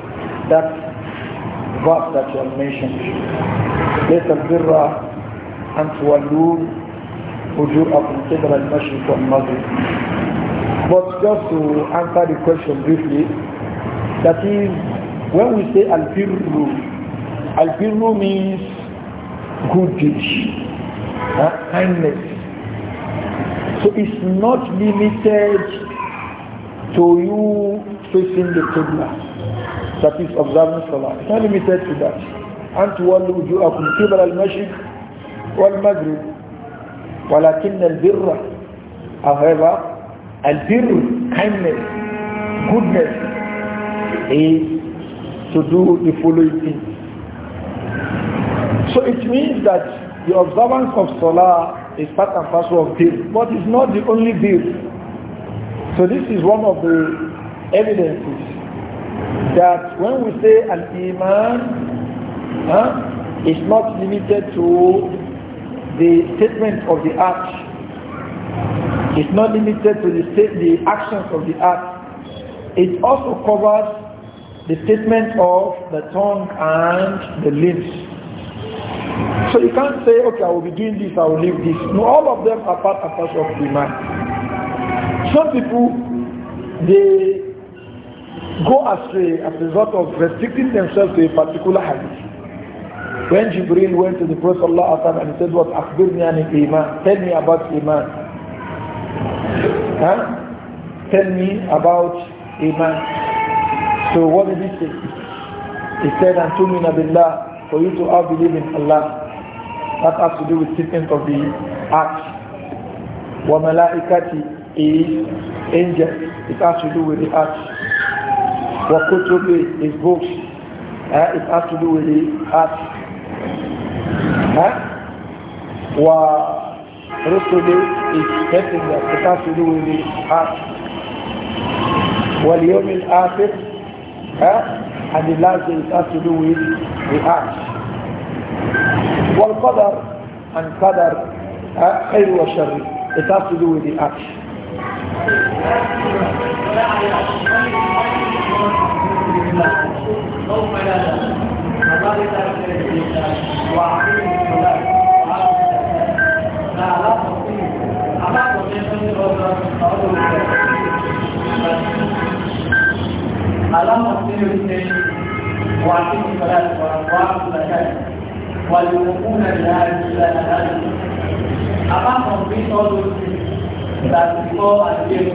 that verse that you have mentioned. ليس البر أن تولوا وجوهكم قبل المشرق والمغرب. But just to answer the question briefly, that is, when we say al-birru, al-birru means good deeds, kindness. So it's not limited to you facing the problem. that is observing salah. It's not limited to that. أن تولوا وجوهكم قبل المشرق والمغرب ولكن البر however البر kindness goodness is to do the following things. So it means that the observance of Salah is part and parcel of deal, but it's not the only deal. So this is one of the evidences that when we say an iman huh, it's not limited to the statement of the act it's not limited to the, state, the actions of the act it also covers the statement of the tongue and the lips so you can't say okay i will be doing this i will leave this no all of them are part and parcel of iman some people they go astray as a result of restricting themselves to a particular hadith. When Jibril went to the Prophet Allah and he said, What Akhbirni an Iman? Tell me about Iman. Huh? Tell me about Iman. So what did he say? He said, and to me, Billah, for you to all believe in Allah. That has to do with statement of the act. Wa malaikati is angel. It has to do with the act. وكتب his books uh, it has to do with the art huh? ورسل is helping it has to do with the art mean الآخر art? and the last thing it has to do with the art والقدر and قدر خير eh, it has to do with the action ألم أصير بالشيء وأعطيه الصلاة وأعطيه الزكاة والمؤمنون بهذه الصلاة أمام ربي صلى الله عليه وسلم that before and gave.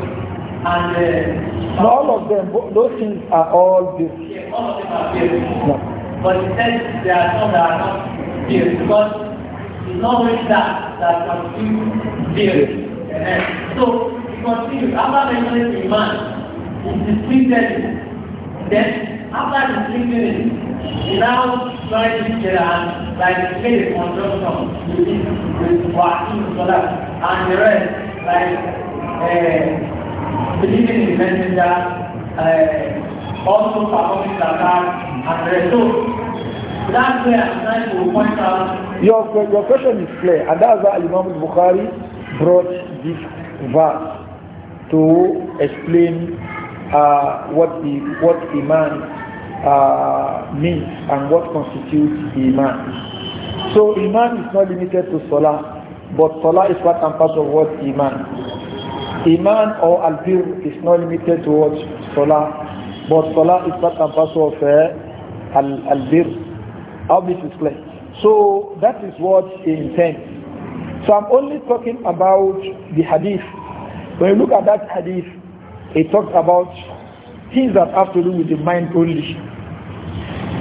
And uh, no, all of them, those things are all gifts. Yeah, all of them are gifts. Yeah. But he said there are some that are not gifts because it's not only that that constitutes gifts. Yeah. So he continues, after mentioning the man, he disputed it. Then after the three minutes, you now try to get out like pay construction with with walking solar and the rest like uh, eh, believing in messenger, uh, also performing the zakat and the So that's where I'm trying to point out. Your, your question is clear, and that's why Imam Bukhari brought this verse to explain uh, what the what iman uh, means and what constitutes iman. So iman is not limited to salah, but salah is part and parcel of what iman. Iman or albir is not limited to what salah, but salah is part and parcel of uh, al albir. How this clear. So that is what he intends. So I'm only talking about the hadith. When you look at that hadith, he talked about things that have to do with the mind only.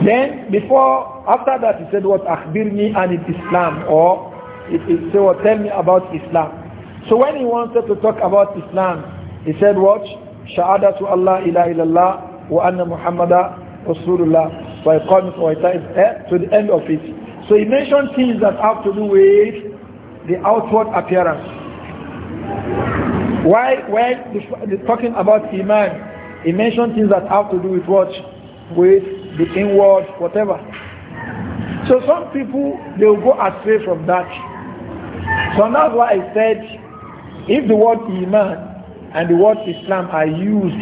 Then before, after that he said what akhbirni an Islam or it is "What? tell me about Islam. So when he wanted to talk about Islam, he said what? to Allah ila illallah wa anna Muhammada Rasulullah wa iqamis wa ita'is to the end of it. So he mentioned things that have to do with the outward appearance. Why, when talking about Iman, he mentioned things that have to do with what? With the inward, whatever. So some people, they will go astray from that. So that's why I said, if the word Iman and the word Islam are used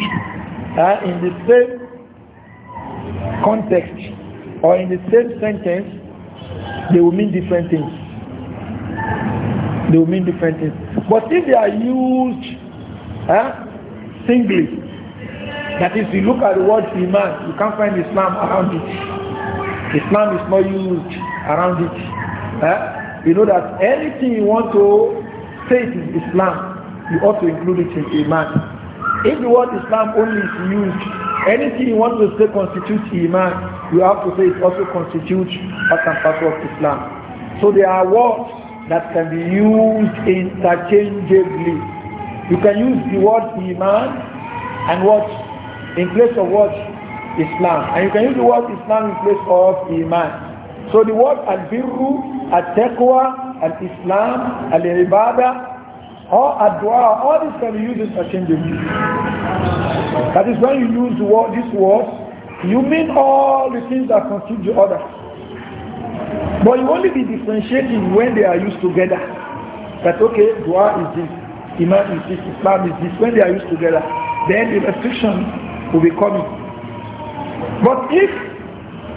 uh, in the same context or in the same sentence, they will mean different things. They will mean different things. But if they are used eh, singly, that is, you look at the word Iman, you can't find Islam around it. Islam is not used around it. Eh? You know that anything you want to say is Islam, you ought to include it in Iman. If the word Islam only is used, anything you want to say constitutes Iman, you have to say it also constitutes part and parcel of Islam. So there are words that can be used interchangeably. You can use the word Iman and what in place of what Islam. And you can use the word Islam in place of Iman. So the word Al-Birru, al islam Al-Ibadah, or Adwa, all these can be used interchangeably. That is when you use the word, this word, you mean all the things that constitute the other. But you only be differentiating when they are used together. That okay, dua is this, Iman is this, Islam is this. When they are used together, then the restriction will be coming. But if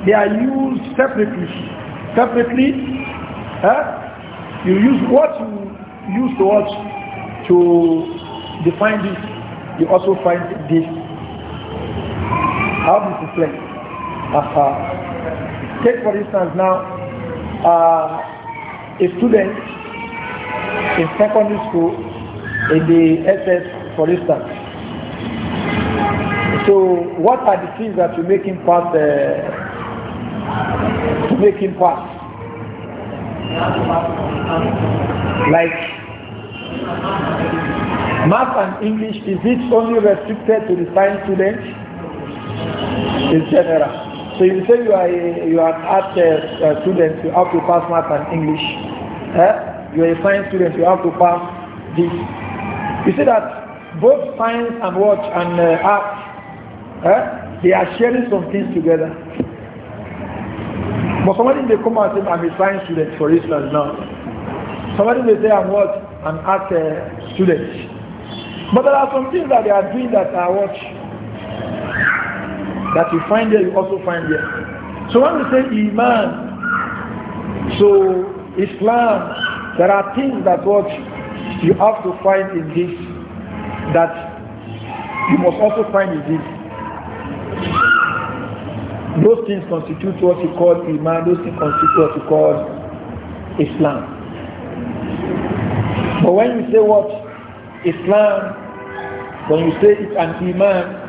they are used separately, separately, huh, you use what you use to watch to define this, you also find this. How this is like. After, take for instance now, uh, a student in secondary school in the SS, for instance. So, what are the things that you make him pass? Uh, to make him pass, like math and English. Is it only restricted to the science students? In general. So you say you are a, you are an art uh, uh, student, you have to pass math and English. Eh? You are a science student, you have to pass this. You see that both science and what and uh, art, eh? they are sharing some things together. But somebody may come and say, I'm a science student, for instance, now. Somebody may say, I'm what? An art uh, student. But there are some things that they are doing that are what? that you find there, you also find there. So when we say Iman, so Islam, there are things that what you have to find in this that you must also find in this. Those things constitute what you call Iman, those things constitute what you call Islam. But when you say what? Islam, when you say it's an Iman,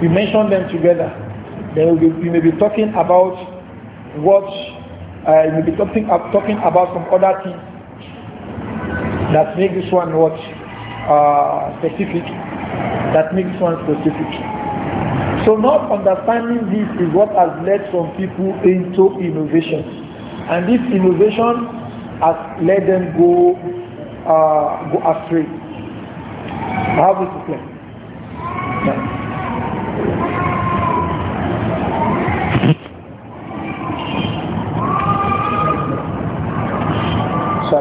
we mention them together. Then we, may be talking about what uh, we may be talking, uh, talking about some other things that make this one what uh, specific, that makes one specific. So not understanding this is what has led some people into innovation. And this innovation has led them go, uh, go astray. How this is so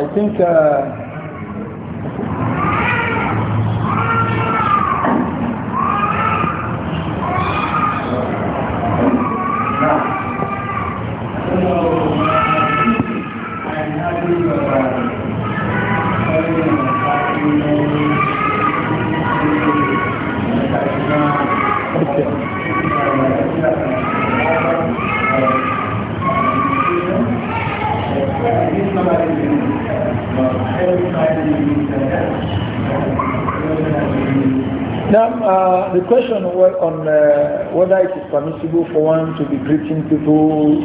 I think uh, permissible for one to be greeting people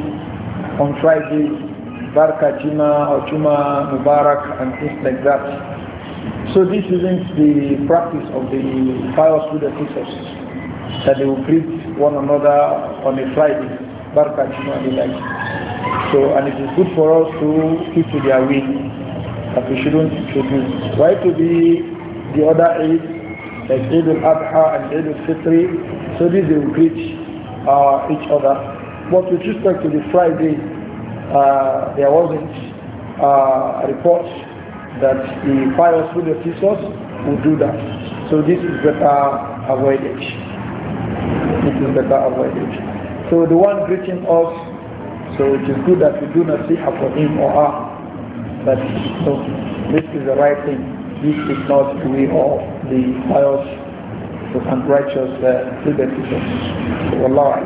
on Friday, Baraka Juma or Juma Mubarak and things like that. So this isn't the practice of the pious Buddha teachers that they will greet one another on a Friday, Baraka Juma they like. So and it is good for us to keep to their way that we shouldn't introduce. Why to be the other Eid, like Eid al-Adha and Eid al-Fitri, so this they will preach uh, each other. But with respect to the Friday, uh, there wasn't uh, reports that the the predecessors would do that. So this is better avoided. This is better avoided. So the one greeting us, so it is good that we do not see for him or her. But so this is the right thing. This is not the way of the pious truth and righteous uh, liberty. Allah.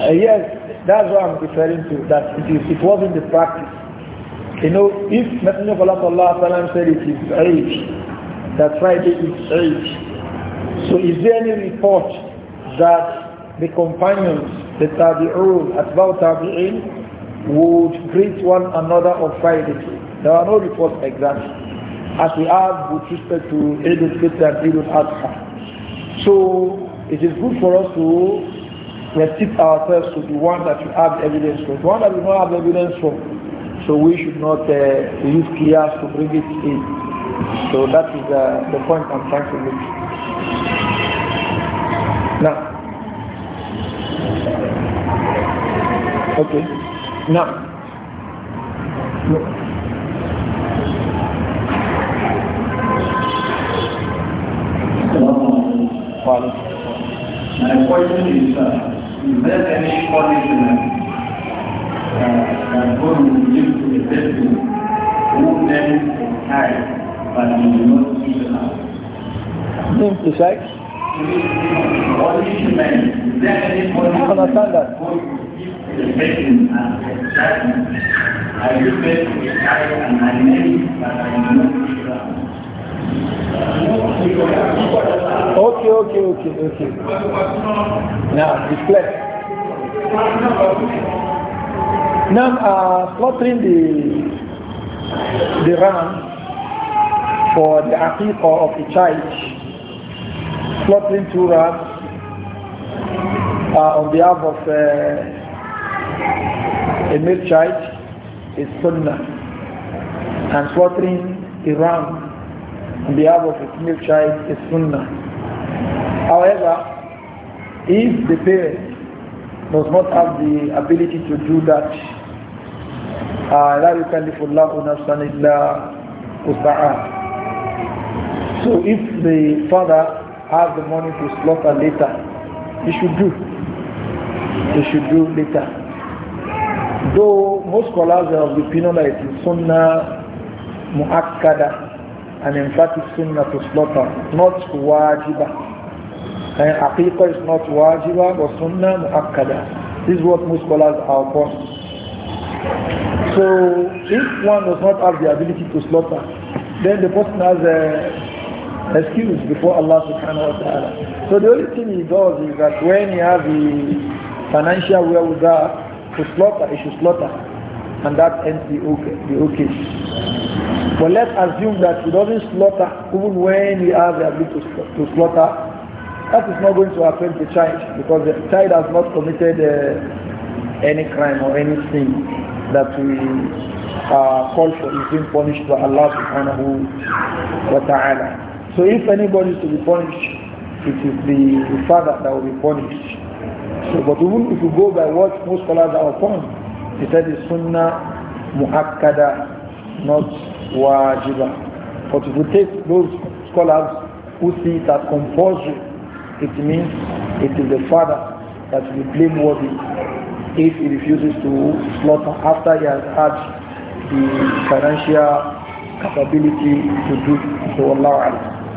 Uh, yes, that's what I'm referring to, that it, is, it wasn't the practice. You know, if Messenger of Allah Salaam, said it is Eid, that Friday is Eid, so is there any report that the companions, the tabi'un, the tabi'in, would greet one another of Friday. There are no reports like that, as we have with respect to Eid al-Fitr and Eid al-Adha. So it is good for us to restrict ourselves to the one that we have evidence for. The one that we don't have evidence for, so we should not uh, use kias to bring it in. So that is uh, the point I'm trying to make. Now, Okay. Now, My question is, uh, is there any punishment that God will give to the person who then a child but will not give the house? Name the Okay, okay, okay, okay. Now, display. Now, uh, slaughtering the the ram for the aqiqah of the child slaughtering two rams uh, on behalf of uh, a male child is sunnah and slaughtering a ram on behalf of a female child is sunnah. However, if the parent does not have the ability to do that, لا يكلف الله نفسا So if the father have the money to slaughter later. He should do. He should do later. Though most scholars are of the opinion that it is sunnah mu'akkada, an emphatic sunnah to slaughter, not wajiba. And eh, aqilah is not wajiba, but sunnah mu'akkada. This is what most scholars are upon. So if one does not have the ability to slaughter, then the person has a eh, excuse before Allah subhanahu wa ta'ala. So the only thing he does is that when he has the financial wherewithal to slaughter, he should slaughter. And that ends the okay. The okay. But let's assume that he doesn't slaughter even when he has the ability to slaughter. That is not going to affect the child because the child has not committed uh, any crime or anything that we uh, call for is being punished by Allah subhanahu wa ta'ala. So if anybody is to be punished, it is the, the father that will be punished. So, but even if you go by what most scholars are upon, it said the sunnah muakkada, not wajiba. But if you take those scholars who see it as compulsory, it means it is the father that will be blameworthy if he refuses to slaughter after he has had the financial capability to do so. Allah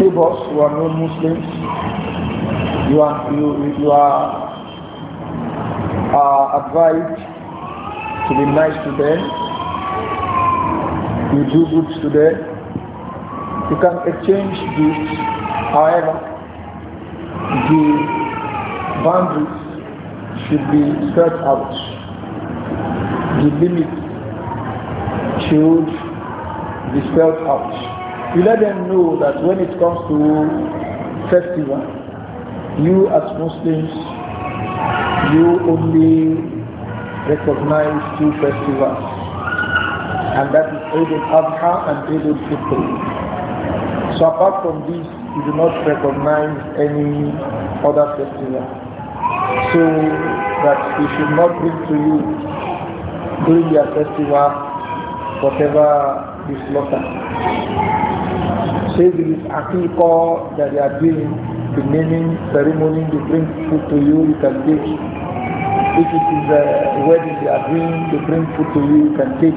neighbors who are non-Muslims. You are, you, you are uh, advised to be nice to them. You do good to them. You can exchange gifts. However, the boundaries should be set out. The limit should be spelled out. You let them know that when it comes to festival, you as Muslims, you only recognize two festivals. And that is Eid al-Adha and Eid al-Fitr. So apart from this, you do not recognize any other festival. So that we should not bring to you during your festival whatever you slaughter says it is aqiqah that they are doing, the naming ceremony, they bring food to you, you can take. If it is a wedding they are doing, they bring food to you, you can take.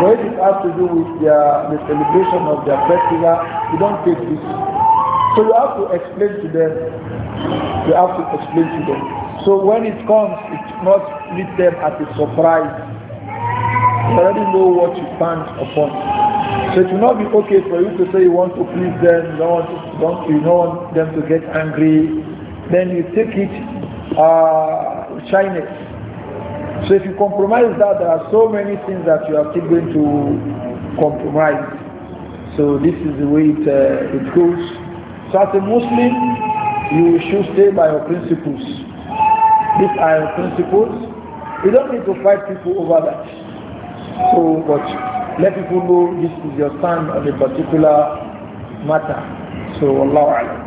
But if it has to do with their, the celebration of their festival, you don't take this. So you have to explain to them. You have to explain to them. So when it comes, it not meet them at a surprise. You already know what you stand upon. So it will not be okay for you to say you want to please them, you don't want, don't, you don't want them to get angry. Then you take it uh, shyness. So if you compromise that, there are so many things that you are still going to compromise. So this is the way it, uh, it goes. So as a Muslim, you should stay by your principles. These are your principles. You don't need to fight people over that. So, watch let people know this is your stand on a particular matter. So, Allah.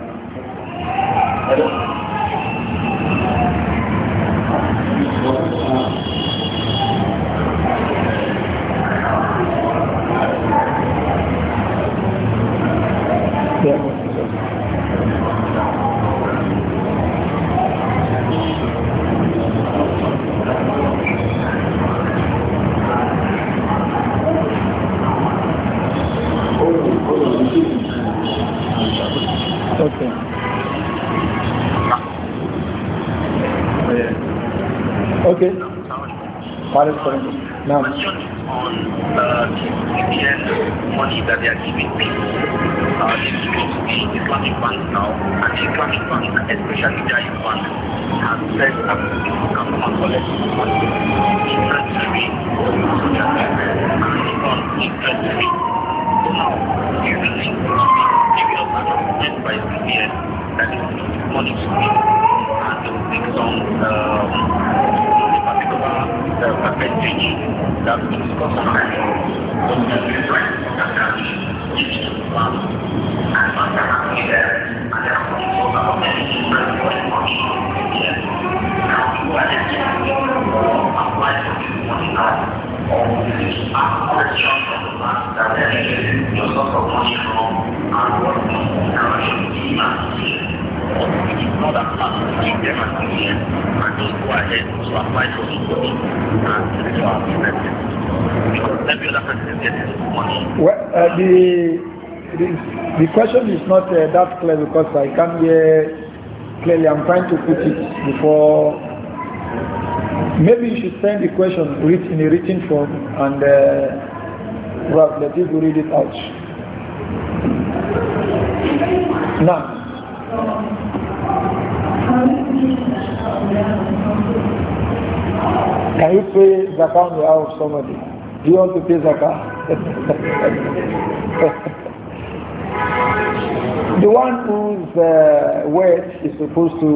question is not uh, that clear because I can't hear clearly. I'm trying to put it before. Maybe you should send the question written, in a written form and uh, let you read it out. Now. Can you pay zakah on the house of somebody? Do you want to pay zakah? [LAUGHS] The one whose uh, wealth is supposed to,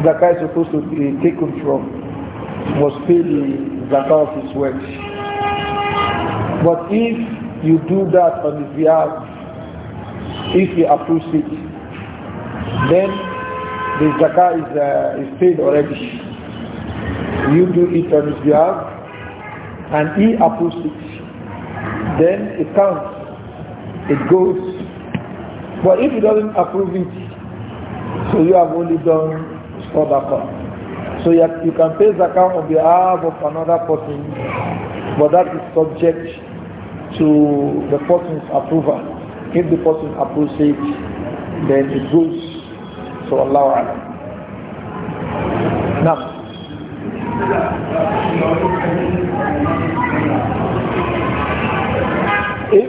Zakah is supposed to be taken from, must pay the Zakah of his wealth. But if you do that on his behalf, if he approves it, then the Zakah is, uh, is paid already. You do it on his behalf, and he approves it, then it counts. It goes but if he doesn't approve it, so you have only done sadaqah. So you, So you can pay account on behalf of another person, but that is subject to the person's approval. If the person approves it, then it goes to Allah. Now, if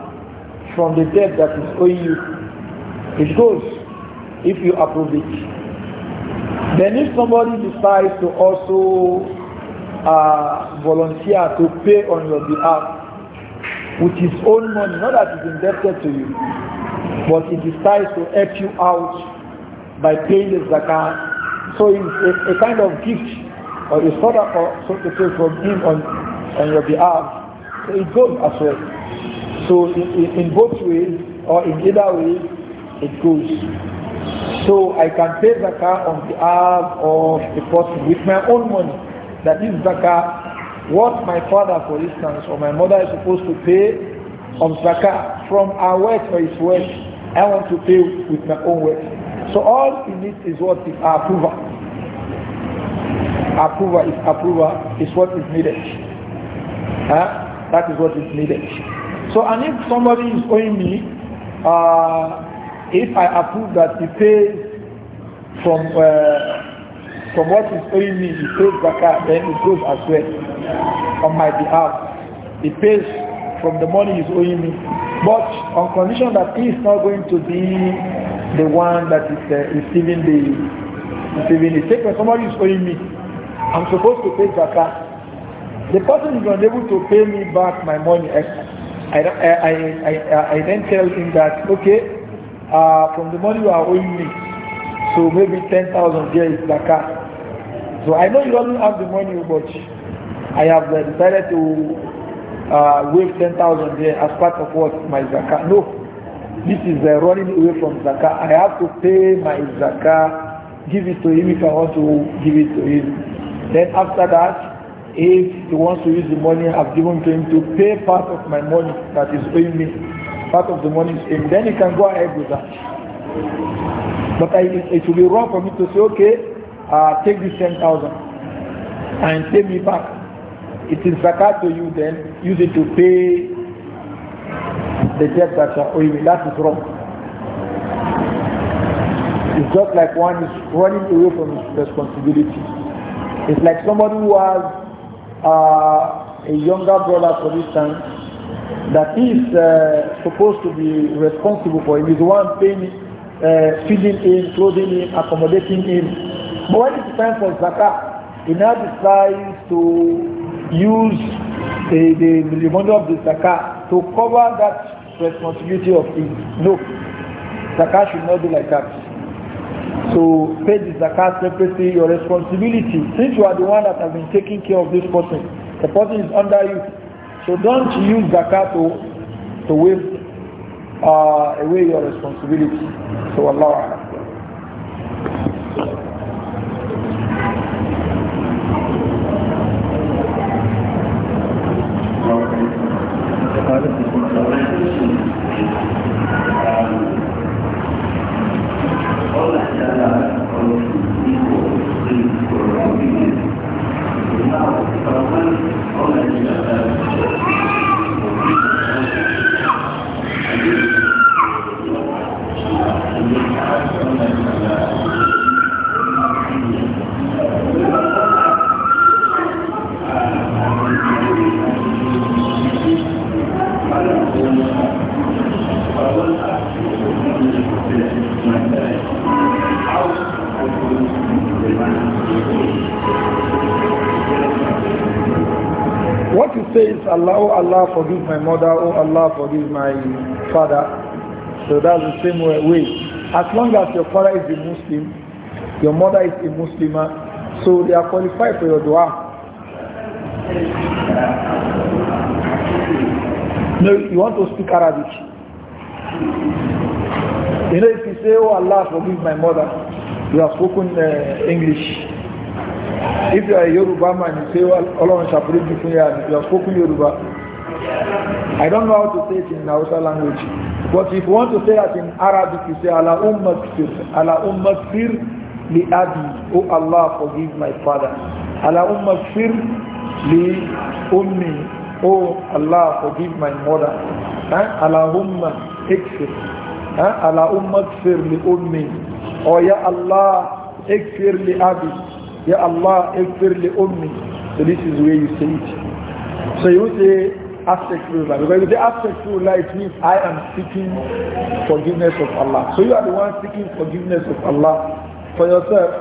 from the debt that is owing you. It goes if you approve it. Then if somebody decides to also uh, volunteer to pay on your behalf with his own money, not that he's indebted to you, but he decides to help you out by paying the zakat. So it's a, a kind of gift or a sort of, uh, so to say, from him on, on your behalf. So it goes as well. So in, in both ways or in either way, it goes. So I can pay zakah on behalf of the person with my own money. That is zakah. What my father, for instance, or my mother is supposed to pay on zakah from our work or his work, I want to pay with my own work. So all in it is what is approval. Approval is approval is what is needed. Huh? That is what is needed. So, and if somebody is owing me, uh, if I approve that he pays from uh, from he's owing me, he pays zakat, then it goes as well on my behalf. He pays from the money he's owing me, but on condition that he is not going to be the one that is uh, receiving the receiving the take. When somebody is owing me, I'm supposed to pay zakat. The person is unable to pay me back my money extra. I, I, I, I then tell him that, okay, uh, from the money you are owing me, so maybe 10,000 there is zakat. So I know you don't have the money, but I have uh, decided to uh, waive 10,000 there as part of what my zakat. No, this is uh, running away from zakat. I have to pay my zakat, give it to him if I want to give it to him. Then after that, if he wants to use the money I've given to him to pay part of my money that is paying me, part of the money is him, then he can go ahead with that. But I, it will be wrong for me to say, okay, uh, take this 10,000 and pay me back. It is zakat to you then, use it to pay the debt that you are owing. That is wrong. It's just like one is running away from his responsibility. It's like somebody who has uh, a younger brother, for instance, that is uh, supposed to be responsible for him, is the one paying, uh, feeding him, clothing him, accommodating him. But when it's time for zakat, he now decides to use the, the, the remainder of the zakat to cover that responsibility of him. No, zakat should not be like that. So pay the zakat separately, your responsibility. Since you are the one that has been taking care of this person, the person is under you. So don't use zakat to, to waste uh, away your responsibility. So Allah. Allah forgive my mother, oh Allah forgive my father. So that's the same way. As long as your father is a Muslim, your mother is a Muslimah, so they are qualified for your dua. No, you want to speak Arabic. You know, if you say, oh Allah forgive my mother, you have spoken uh, English. If you are a Yoruba man, you say, Oh Allah shall forgive you, you have spoken Yoruba. I don't know how to say it in Hausa language. But if you want to say that in Arabic, you say, Allah ummakfir, Allah ummakfir li abi. Oh Allah, forgive my father. Allah ummakfir li ummi. Oh Allah, forgive my mother. Eh? Allahumma ikfir. Eh? Allah ummakfir li ummi. Oh Ya Allah, ikfir li abi. Ya Allah, ikfir li ummi. So this is where you say it. So you say, life Because if the say astaghfirullah, life means I am seeking forgiveness of Allah. So you are the one seeking forgiveness of Allah for yourself.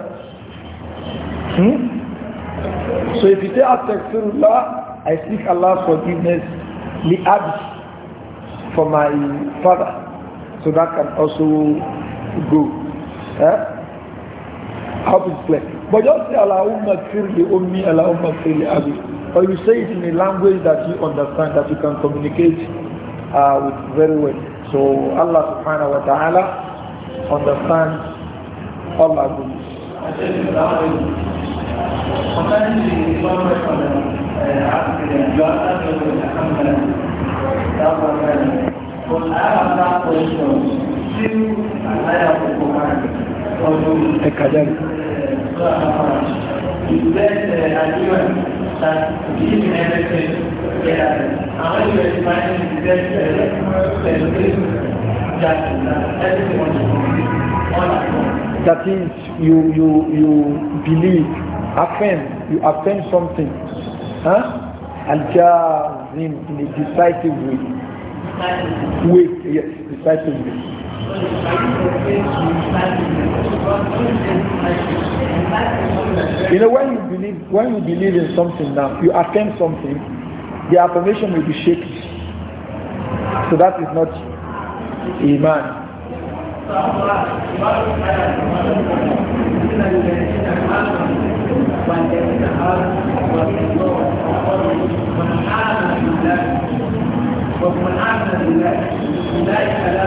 Hmm? So if you say life, I seek Allah's forgiveness abs for my father. So that can also go. Eh? How to explain? But just say Allahumma firli ummi, Allahumma abi. Or you say it in a language that you understand, that you can communicate uh, with very well. So Allah subhanahu wa ta'ala understands all our goodness. Is that uh, that believe in that that is, you, you, you believe, affirm, you affirm something. Huh? al in a decisive way. Way, yes, decisive way. You know, when you believe, when you believe in something now, you attain something, the affirmation will be shaky. So that is not iman. ومن بالله لا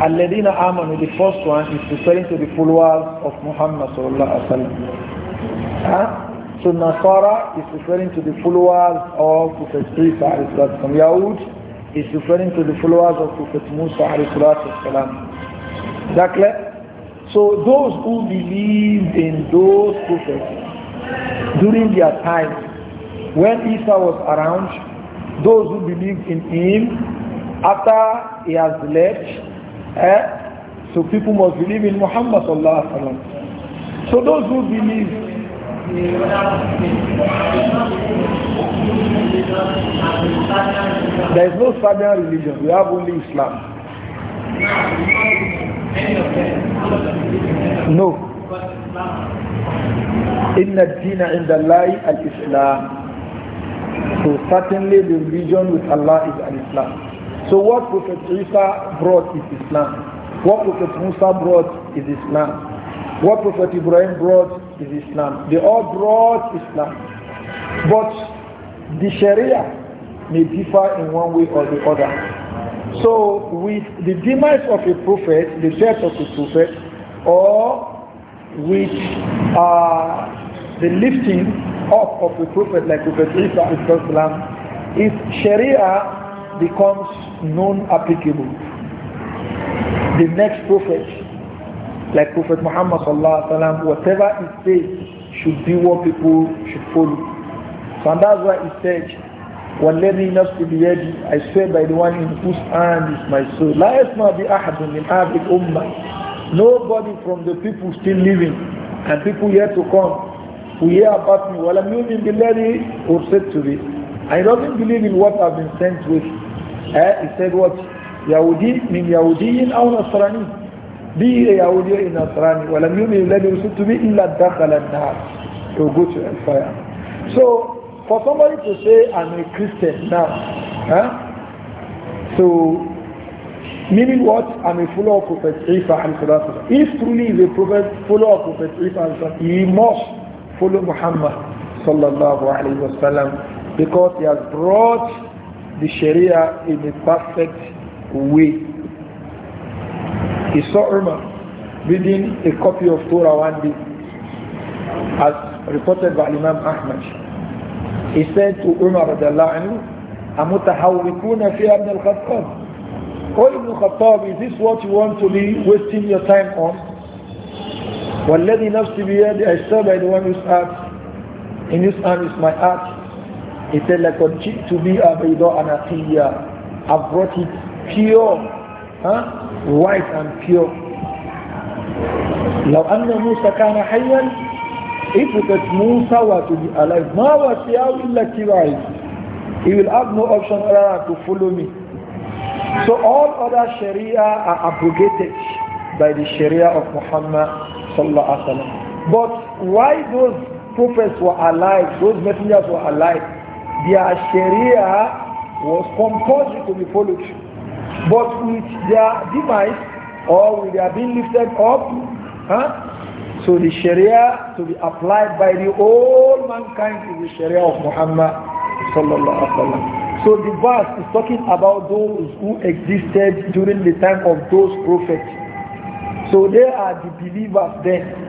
Alladina Amanu, the first one, is referring to the followers of Muhammad sallallahu alaihi wasallam. Huh? So Nasara is referring to the followers of Prophet Isa alayhi salatu Yahud is referring to the followers of Prophet Musa alayhi salatu That clear? So those who believed in those prophets during their time, when Isa was around, those who believed in him after he has left, Eh? So people must believe in Muhammad sallallahu So those who believe there is no other religion, we have only Islam. No. In the deen in the life al Islam. So certainly the religion with Allah is al Islam. So what Prophet Isa brought is Islam. What Prophet Musa brought is Islam. What Prophet Ibrahim brought is Islam. They all brought Islam. But the Sharia may differ in one way or the other. So with the demise of a prophet, the death of a prophet, or with uh, the lifting up of a prophet like Prophet Isa, his Sharia becomes non-applicable. The next prophet, like Prophet Muhammad sallallahu alaihi wasallam, whatever he says should be what people should follow. So and that's why he said, والذي the بيدي I swear by the one in whose hand is my soul لا يسمع بأحد من هذه الأمة nobody from the people still living and people yet to come who hear about me ولم يؤمن said to به I don't believe in what I've been sent with uh, he said what? Yahudi min Yahudiyin aw Nasrani. Be a Yahudi or a Nasrani. وَلَمْ يُؤْمِنِ الَّذِي رُسُلْتُ بِهِ إِلَّا دَخَلَ النَّارِ He to go to hellfire. So, for somebody to say, I'm a Christian now, huh? Eh? so, meaning what? I'm a follower of Prophet Isa and If truly is a prophet, follower of Prophet Isa and he must follow Muhammad sallallahu alaihi wasallam, because he has brought the Sharia in a perfect way. He saw Umar reading a copy of Torah one day, as reported by Imam Ahmad. He said to Umar, أمتحوكون فيها al الخطاب قل ابن الخطاب is this what you want to be wasting your time on والذي نفسي بيدي I serve by the one whose heart in whose hand is my heart he said, لَقَدْ to be بَيْضَاءَ نَقِيَّةً I brought it pure, huh? white and pure. لَوْ أَنَّ مُوسَى كَانَ حَيًّا If it was Musa were to be alive, مَا وَسِيَهُ إِلَّا كِرَائِهِ He will have no option other than to follow me. So all other Sharia are abrogated by the Sharia of Muhammad sallallahu alaihi wasallam. But why those prophets were alive, those messengers were alive, their sharia was compulsory to be followed. But with their demise or with their being lifted up, huh? so the sharia to be applied by the whole mankind is the sharia of Muhammad So the verse is talking about those who existed during the time of those prophets. So they are the believers then.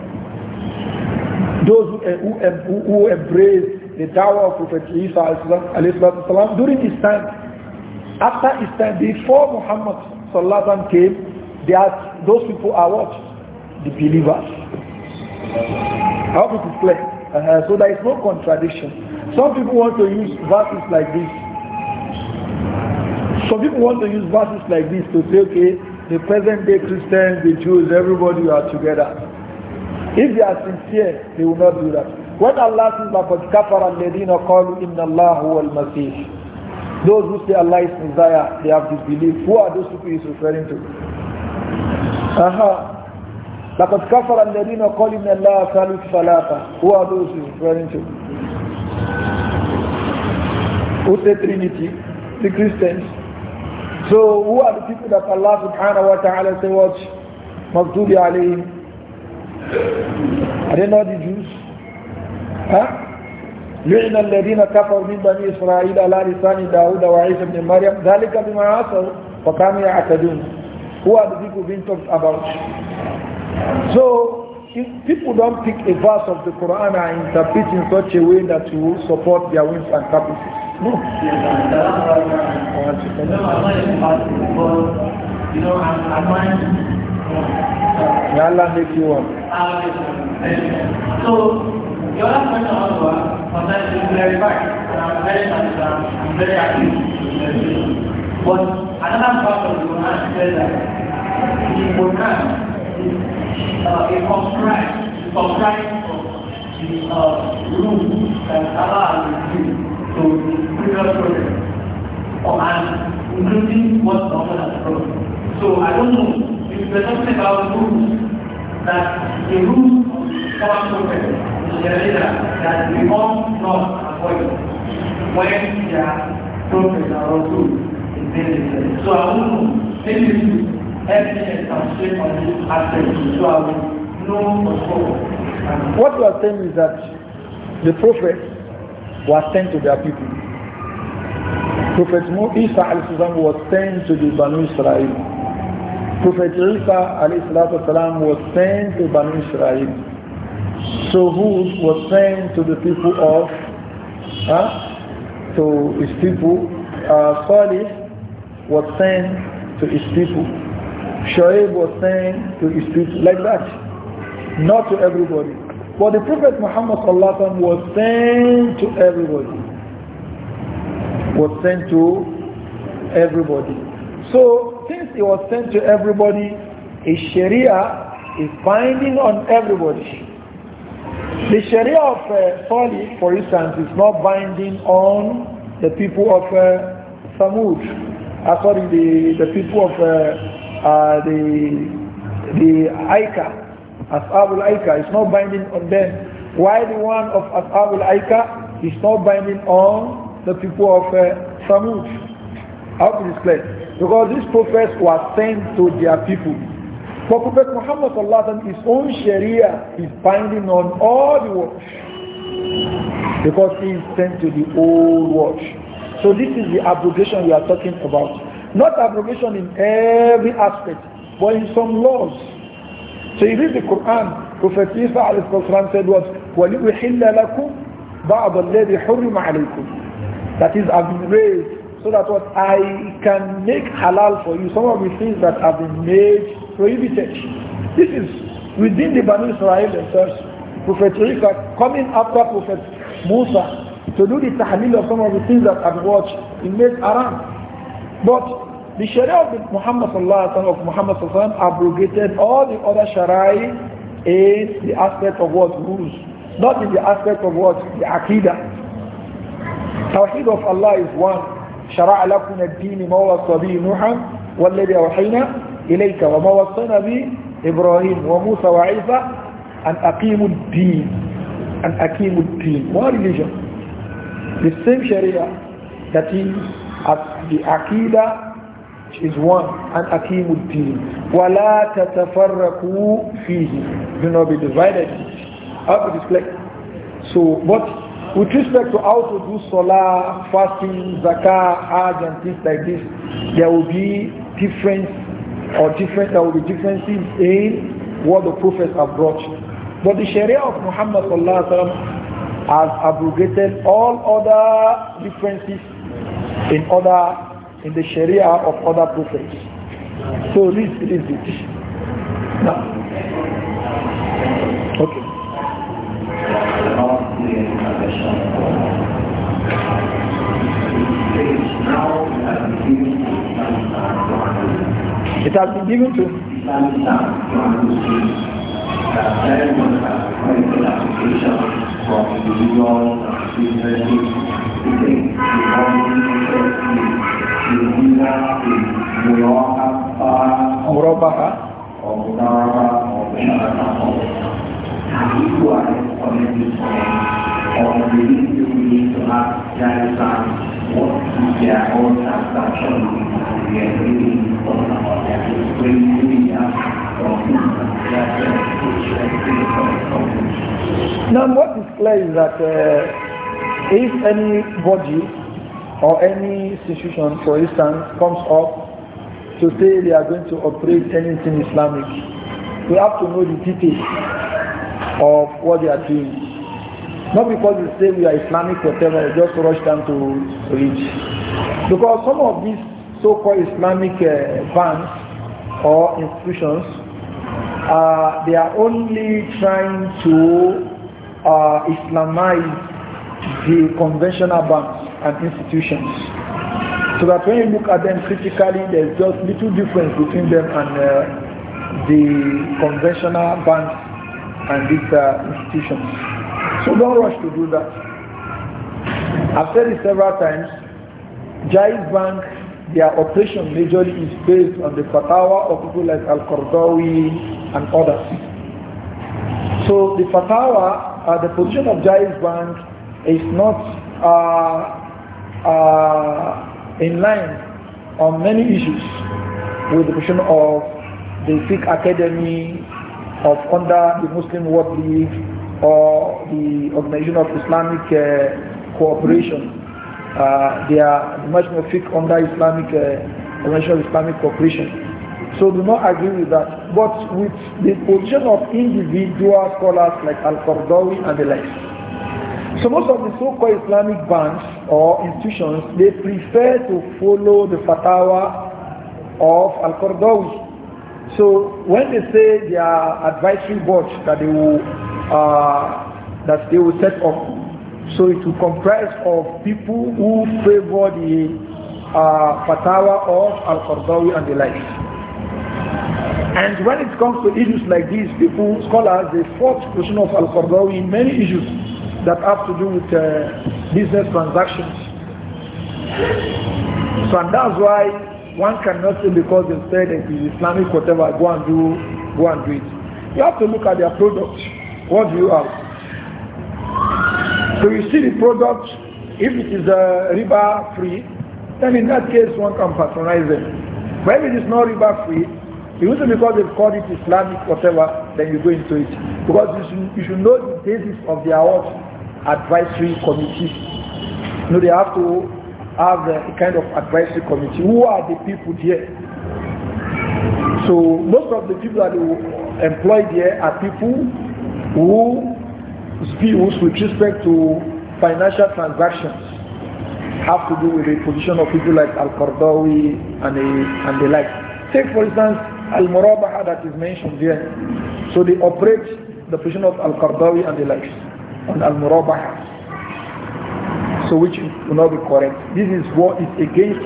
Those who, who, who embrace the dawah of Prophet Isa والسلام, during his time. After his time, before Muhammad sallallahu came, they are, those people are what? The believers. How to play? Uh, uh-huh. so there is no contradiction. Some people want to use verses like this. Some people want to use verses like this to say, okay, the present day Christians, the Jews, everybody are together. If they are sincere, they will not do that. When Allah says, لَقَدْ كَفَرَ call. Inna إِنَّ اللَّهُ وَالْمَسِيحِ Those who say Allah is Messiah, they have belief. Who are those people he's referring to? Aha. لَقَدْ كَفَرَ الَّذِينَ قَالُوا إِنَّ اللَّهَ ثَالِثُ ثَلَاثَةً Who are those he's referring to? Who say Trinity? The Christians. So who are the people that Allah subhanahu wa ta'ala say watch? Maghdubi alayhim. Are they not the Jews? ها لعن الذين كفروا من بني إسرائيل على لسان داود وعيسى بن مريم ذلك بما عصوا وكانوا يعتدون هو the people being talked about so if people don't pick a verse of the Quran and interpret in such a way that you support their wings and caprices no you know, I'm, I'm May Allah make you one. So, your last question also was that you clarified, and I'm very satisfied, I'm very happy. But another part of the Quran says that the Quran is uh, a comprise, comprise of the uh, rules that Allah has given to the previous or and including what the Prophet has brought. So I don't know if we're talking about rules, that the rules of the Prophet, the Sharia, that we must not avoid when they are prophets are also in many So I will maybe you help me concentrate on this aspect so I will know for sure. What you are saying is that the prophets were sent to their people. Prophet Isa was sent to the Banu Israel. Prophet Isa والسلام, was sent to Banu Israel. So who was sent to the people of, huh? to his people. Uh, Salih was sent to his people. Shoaib was sent to his people. Like that. Not to everybody. But the Prophet Muhammad was sent to everybody. Was sent to everybody. So it was sent to everybody, a Sharia is binding on everybody. The Sharia of uh, for instance, is not binding on the people of uh, Samud. according uh, the, the people of uh, uh, the, the Aika, Abu Aika, is not binding on them. Why the one of Abu Aika is not binding on the people of uh, Samud? How to explain? Because these prophets were sent to their people. For Prophet Muhammad sallallahu his own Sharia is binding on all the world. Because he is sent to the whole world. So this is the abrogation we are talking about. Not abrogation in every aspect, but in some laws. So you read the Quran, Prophet Isa alayhi said was, وَلِيُحِلَّ لَكُمْ بَعْضَ الَّذِي حُرِّمَ عَلَيْكُمْ That is, I've been raised so that what I can make halal for you some of the things that have been made prohibited. This is within the Banu Israel themselves. Prophet Rika coming after Prophet Musa to do the tahlil of some of the things that have watched in made haram. But the Sharia of Muhammad Sallallahu Alaihi of Muhammad abrogated all the other Shariah, in the aspect of what rules, not in the aspect of what the Aqidah. Tawheed of Allah is one. شرع لكم الدين ما وصى به نوحا والذي أوحينا إليك وما وصينا به إبراهيم وموسى وعيسى أن أقيموا الدين أن أقيموا الدين ما religion the شريعة التي that is is one and أقيموا الدين ولا tatafarraku fihi do not be divided up to place so what With respect to how to do salah, fasting, zakah, hajj and things like this, there will be difference or different there will be differences in what the prophets have brought. But the Sharia of Muhammad sallam, has abrogated all other differences in other in the Sharia of other prophets. So this, this is it. Now, okay. It has been given to. Murabaha or now what is clear is that uh, if any body or any institution, for instance, comes up to say they are going to operate anything Islamic, we have to know the details of what they are doing. Not because they say we are Islamic, whatever, just rush them to reach. Because some of these so-called Islamic uh, banks or institutions, uh, they are only trying to uh, Islamize the conventional banks and institutions. So that when you look at them critically, there's just little difference between them and uh, the conventional banks and these uh, institutions. So don't rush to do that. I've said it several times. Jai Bank their operation majorly is based on the fatwa of people like Al-Qardawi and others. So the fatwa, uh, the position of Jaiz Bank is not uh, uh, in line on many issues with the position of the Sikh Academy of under the Muslim World League or the Organization of Islamic uh, Cooperation. Uh, they are much more fit under Islamic uh, Islamic Cooperation. So do not agree with that. But with the position of individual scholars like Al-Qardawi and the likes. So most of the so-called Islamic banks or institutions, they prefer to follow the fatwa of Al-Qardawi. So when they say their advisory board that they will, uh, that they will set up, so it will comprise of people who favor the uh, fatwa of Al-Qardawi and the like. And when it comes to issues like these, people, scholars, they fought the question of Al-Qardawi in many issues that have to do with uh, business transactions. So and that's why one cannot say because they said it is Islamic whatever, go and do, go and do it. You have to look at their product. What do you have? So you see the product, if it is a uh, riba free, then in that case one can patronize them. But if it is not riba free, even because they've called it Islamic whatever, then you go into it. Because you should, you should know the basis of their advisory committee. You know, they have to have a kind of advisory committee. Who are the people here? So most of the people that are employ there are people who spills with respect to financial transactions have to do with the position of people like Al-Qardawi and the, and the like. Take for instance Al-Murabaha that is mentioned here. So they operate the position of Al-Qardawi and the likes on Al-Murabaha. So which will not be correct. This is what is against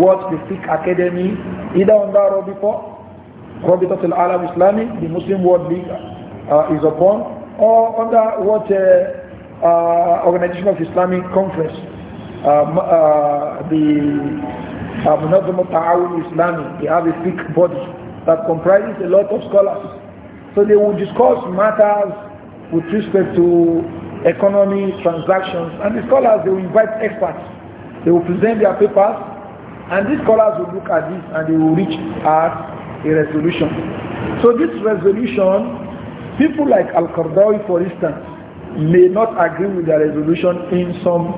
what the Sikh Academy either under or for Rabitat al-Alam Islami, the Muslim World League uh, is upon or under what uh, uh, Organization of Islamic Conference, uh, uh, the Munazam Ta'awun Islami, they have a big body that comprises a lot of scholars. So they will discuss matters with respect to economy, transactions, and the scholars, they will invite experts. They will present their papers, and these scholars will look at this and they will reach at a resolution. So this resolution People like Al-Qardawi, for instance, may not agree with the resolution in some,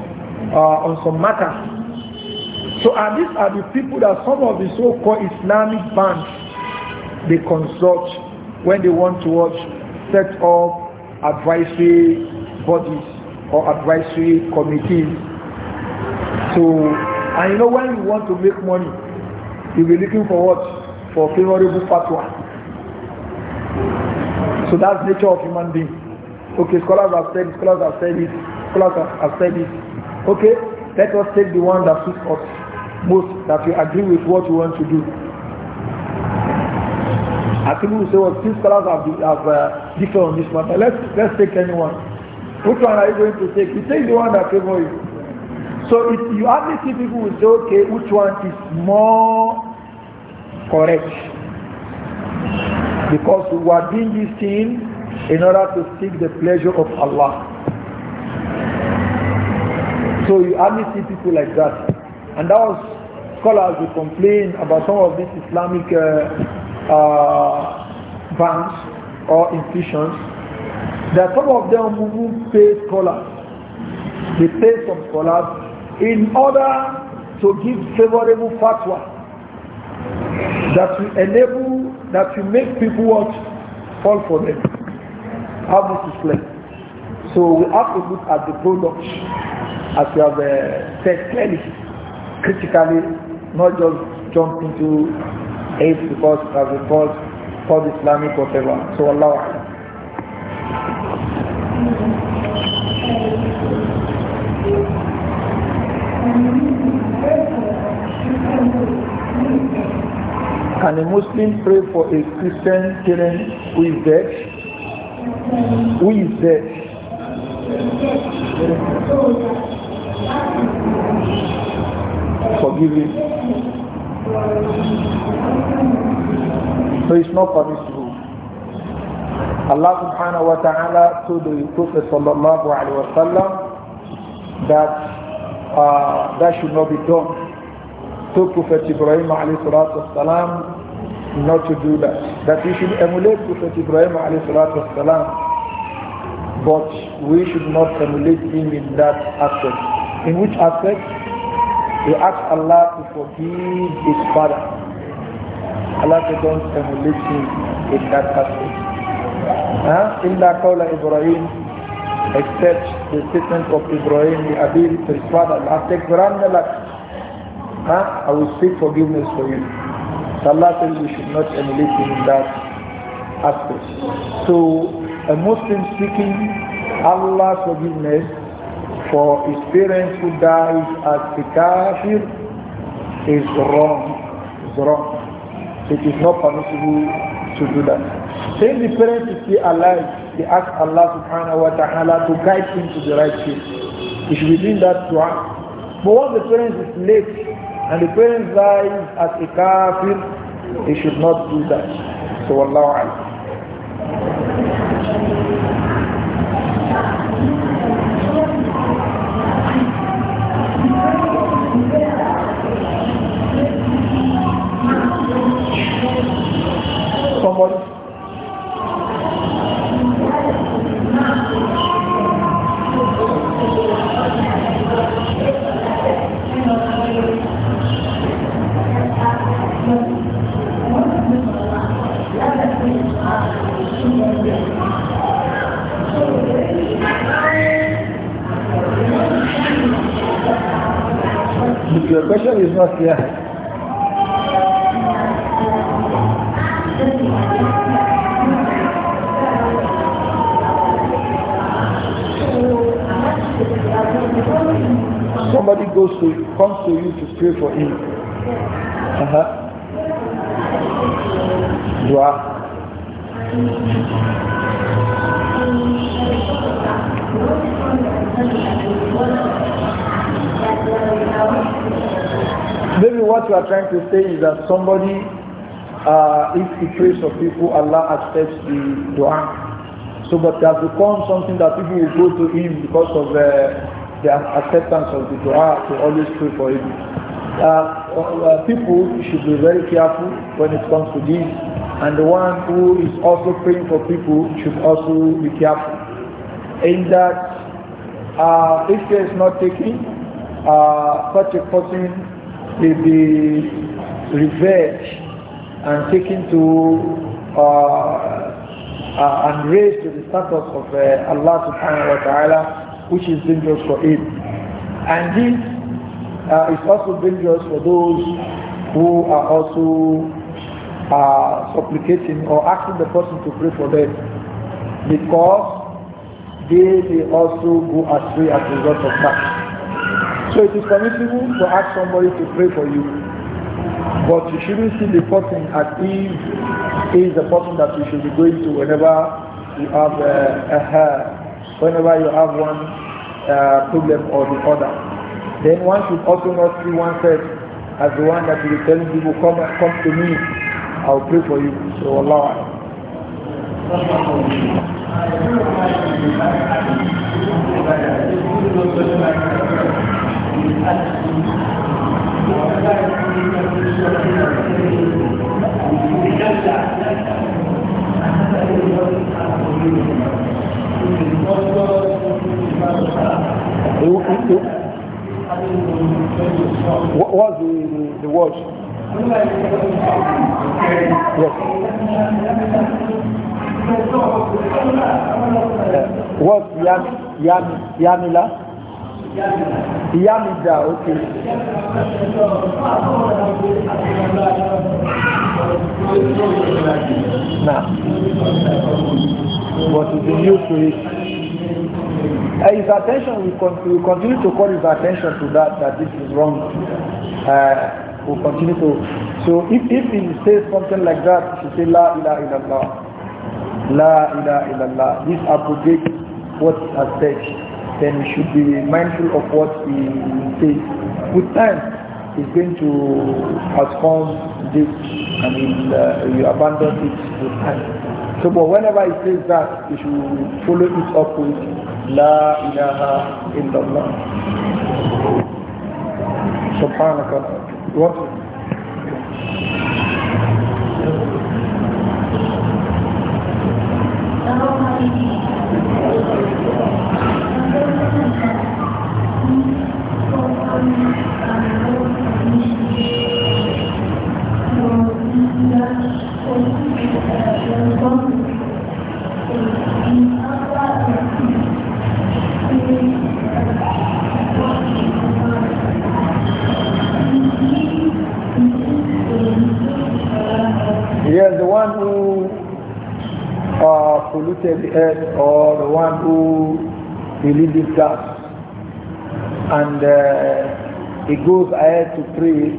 uh, on some matters. So and these are the people that some of the so-called Islamic banks they consult when they want to watch set up advisory bodies or advisory committees. So, and you know when you want to make money, you'll be looking for what? For favorable fatwa. So that's nature of human being. Okay, scholars have said it, scholars have said it, scholars have said it. Okay, let us take the one that suits us most, that we agree with what we want to do. I think we say, well, since scholars have, have uh, different on this matter. Let's, let's take anyone. Which one are you going to take? You take the one that favors you. So if you hardly see people will say, okay, which one is more correct? Because we are doing this thing in order to seek the pleasure of Allah. So you hardly see people like that. And that was scholars who complain about some of these Islamic uh, uh, banks or institutions. That some of them who pay scholars, they pay some scholars in order to give favorable fatwa that will enable, that will make people watch, fall for them. have this is So we have to look at the product as we have uh, said clearly, critically, not just jump into it because of the call for Islamic whatever. So Allah. Can a Muslim pray for a Christian parent who is dead? Who is dead? Forgive him. So it's not permissible. Allah subhanahu wa ta'ala told the Prophet sallallahu alayhi wa sallam that uh, that should not be done. So Prophet Ibrahim alayhi salatu not to do that. That we should emulate Prophet Ibrahim but we should not emulate him in that aspect. In which aspect? He asked Allah to forgive his father. Allah said, don't emulate him in that aspect. إلا قول Ibrahim, except the statement of Ibrahim the Abil to his father, i take take granted, huh? I will seek forgiveness for you. Allah says we should not emulate him in that aspect. So a Muslim seeking Allah's forgiveness for his parents who died as a kafir is wrong. It's wrong. It is not permissible to do that. Saying the parents is still alive, they ask Allah subhanahu wa ta'ala to guide him to the right way. He should be that to But once the parents is late, and the parent dies as a kafir, he should not do that. So Allah Alam. Somebody your question is not clear. Somebody goes to comes to you to pray for him. Uh huh. Dua. Maybe what you are trying to say is that somebody, uh, if he prays for people, Allah accepts the dua. So, but it becomes something that people will go to him because of uh, the acceptance of the dua to always pray for him. Uh, uh, people should be very careful when it comes to this, and the one who is also praying for people should also be careful. In that, uh, if there is not taking, uh, such a person will be revered and taken to uh, uh, and raised to the status of uh, Allah subhanahu wa ta'ala which is dangerous for him. And this uh, is also dangerous for those who are also uh, supplicating or asking the person to pray for them because they may also go astray as a result of that. So it is permissible to ask somebody to pray for you. But you shouldn't see the person as he is the person that you should be going to whenever you have a, uh, a hair, whenever you have one uh, problem or the other. Then one should also not see oneself as the one that will be telling people, come, come to me, I'll pray for you. So Allah. what? Uh, what? Yam, yam, yamila? Yamida, okay. Now, what is the new to it? Uh, his attention, we, con- we continue to call his attention to that, that this is wrong. Uh, will continue to. So if, if he says something like that, he say La ilaha illallah. La ilaha illallah. This abrogates what he has said. Then we should be mindful of what he says. With time, he's going to transform this and he'll, uh, he'll abandon it with time. So but whenever he says that, you should follow it up with La ilaha illallah. سبحانك what polluted the earth or the one who releases gas and uh, he goes ahead to pray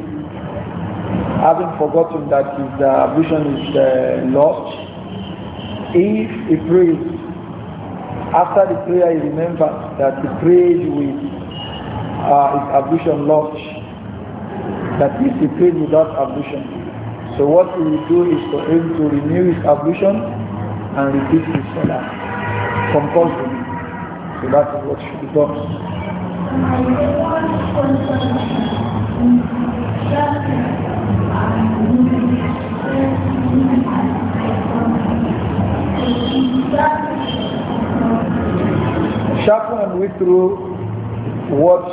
having forgotten that his uh, vision is uh, lost if he prays after the prayer he remembers that he prayed with uh, his ablution lost that is he prayed without ablution so what he will do is for him to renew his ablution and repeat the salah compulsory. So that is what should be done. Shakran went through what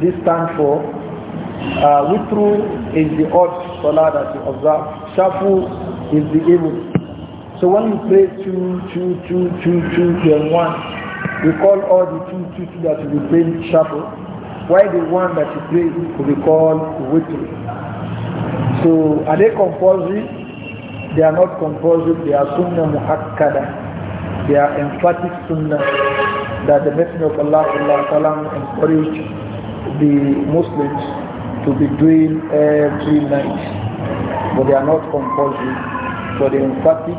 this stands for. Uh, witru is the odd salah that you observe. Shafu is the evil. So when you pray two, two, two, two, two, two, and one, we call all the two, two, two that will be praying shuffle. Why the one that you pray will be called witr? So are they compulsory? They are not compulsory. They are sunnah muhakkada. They are emphatic sunnah that the Messenger of Allah Allah encouraged the Muslims to be doing every night. But they are not compulsory. But they are emphatic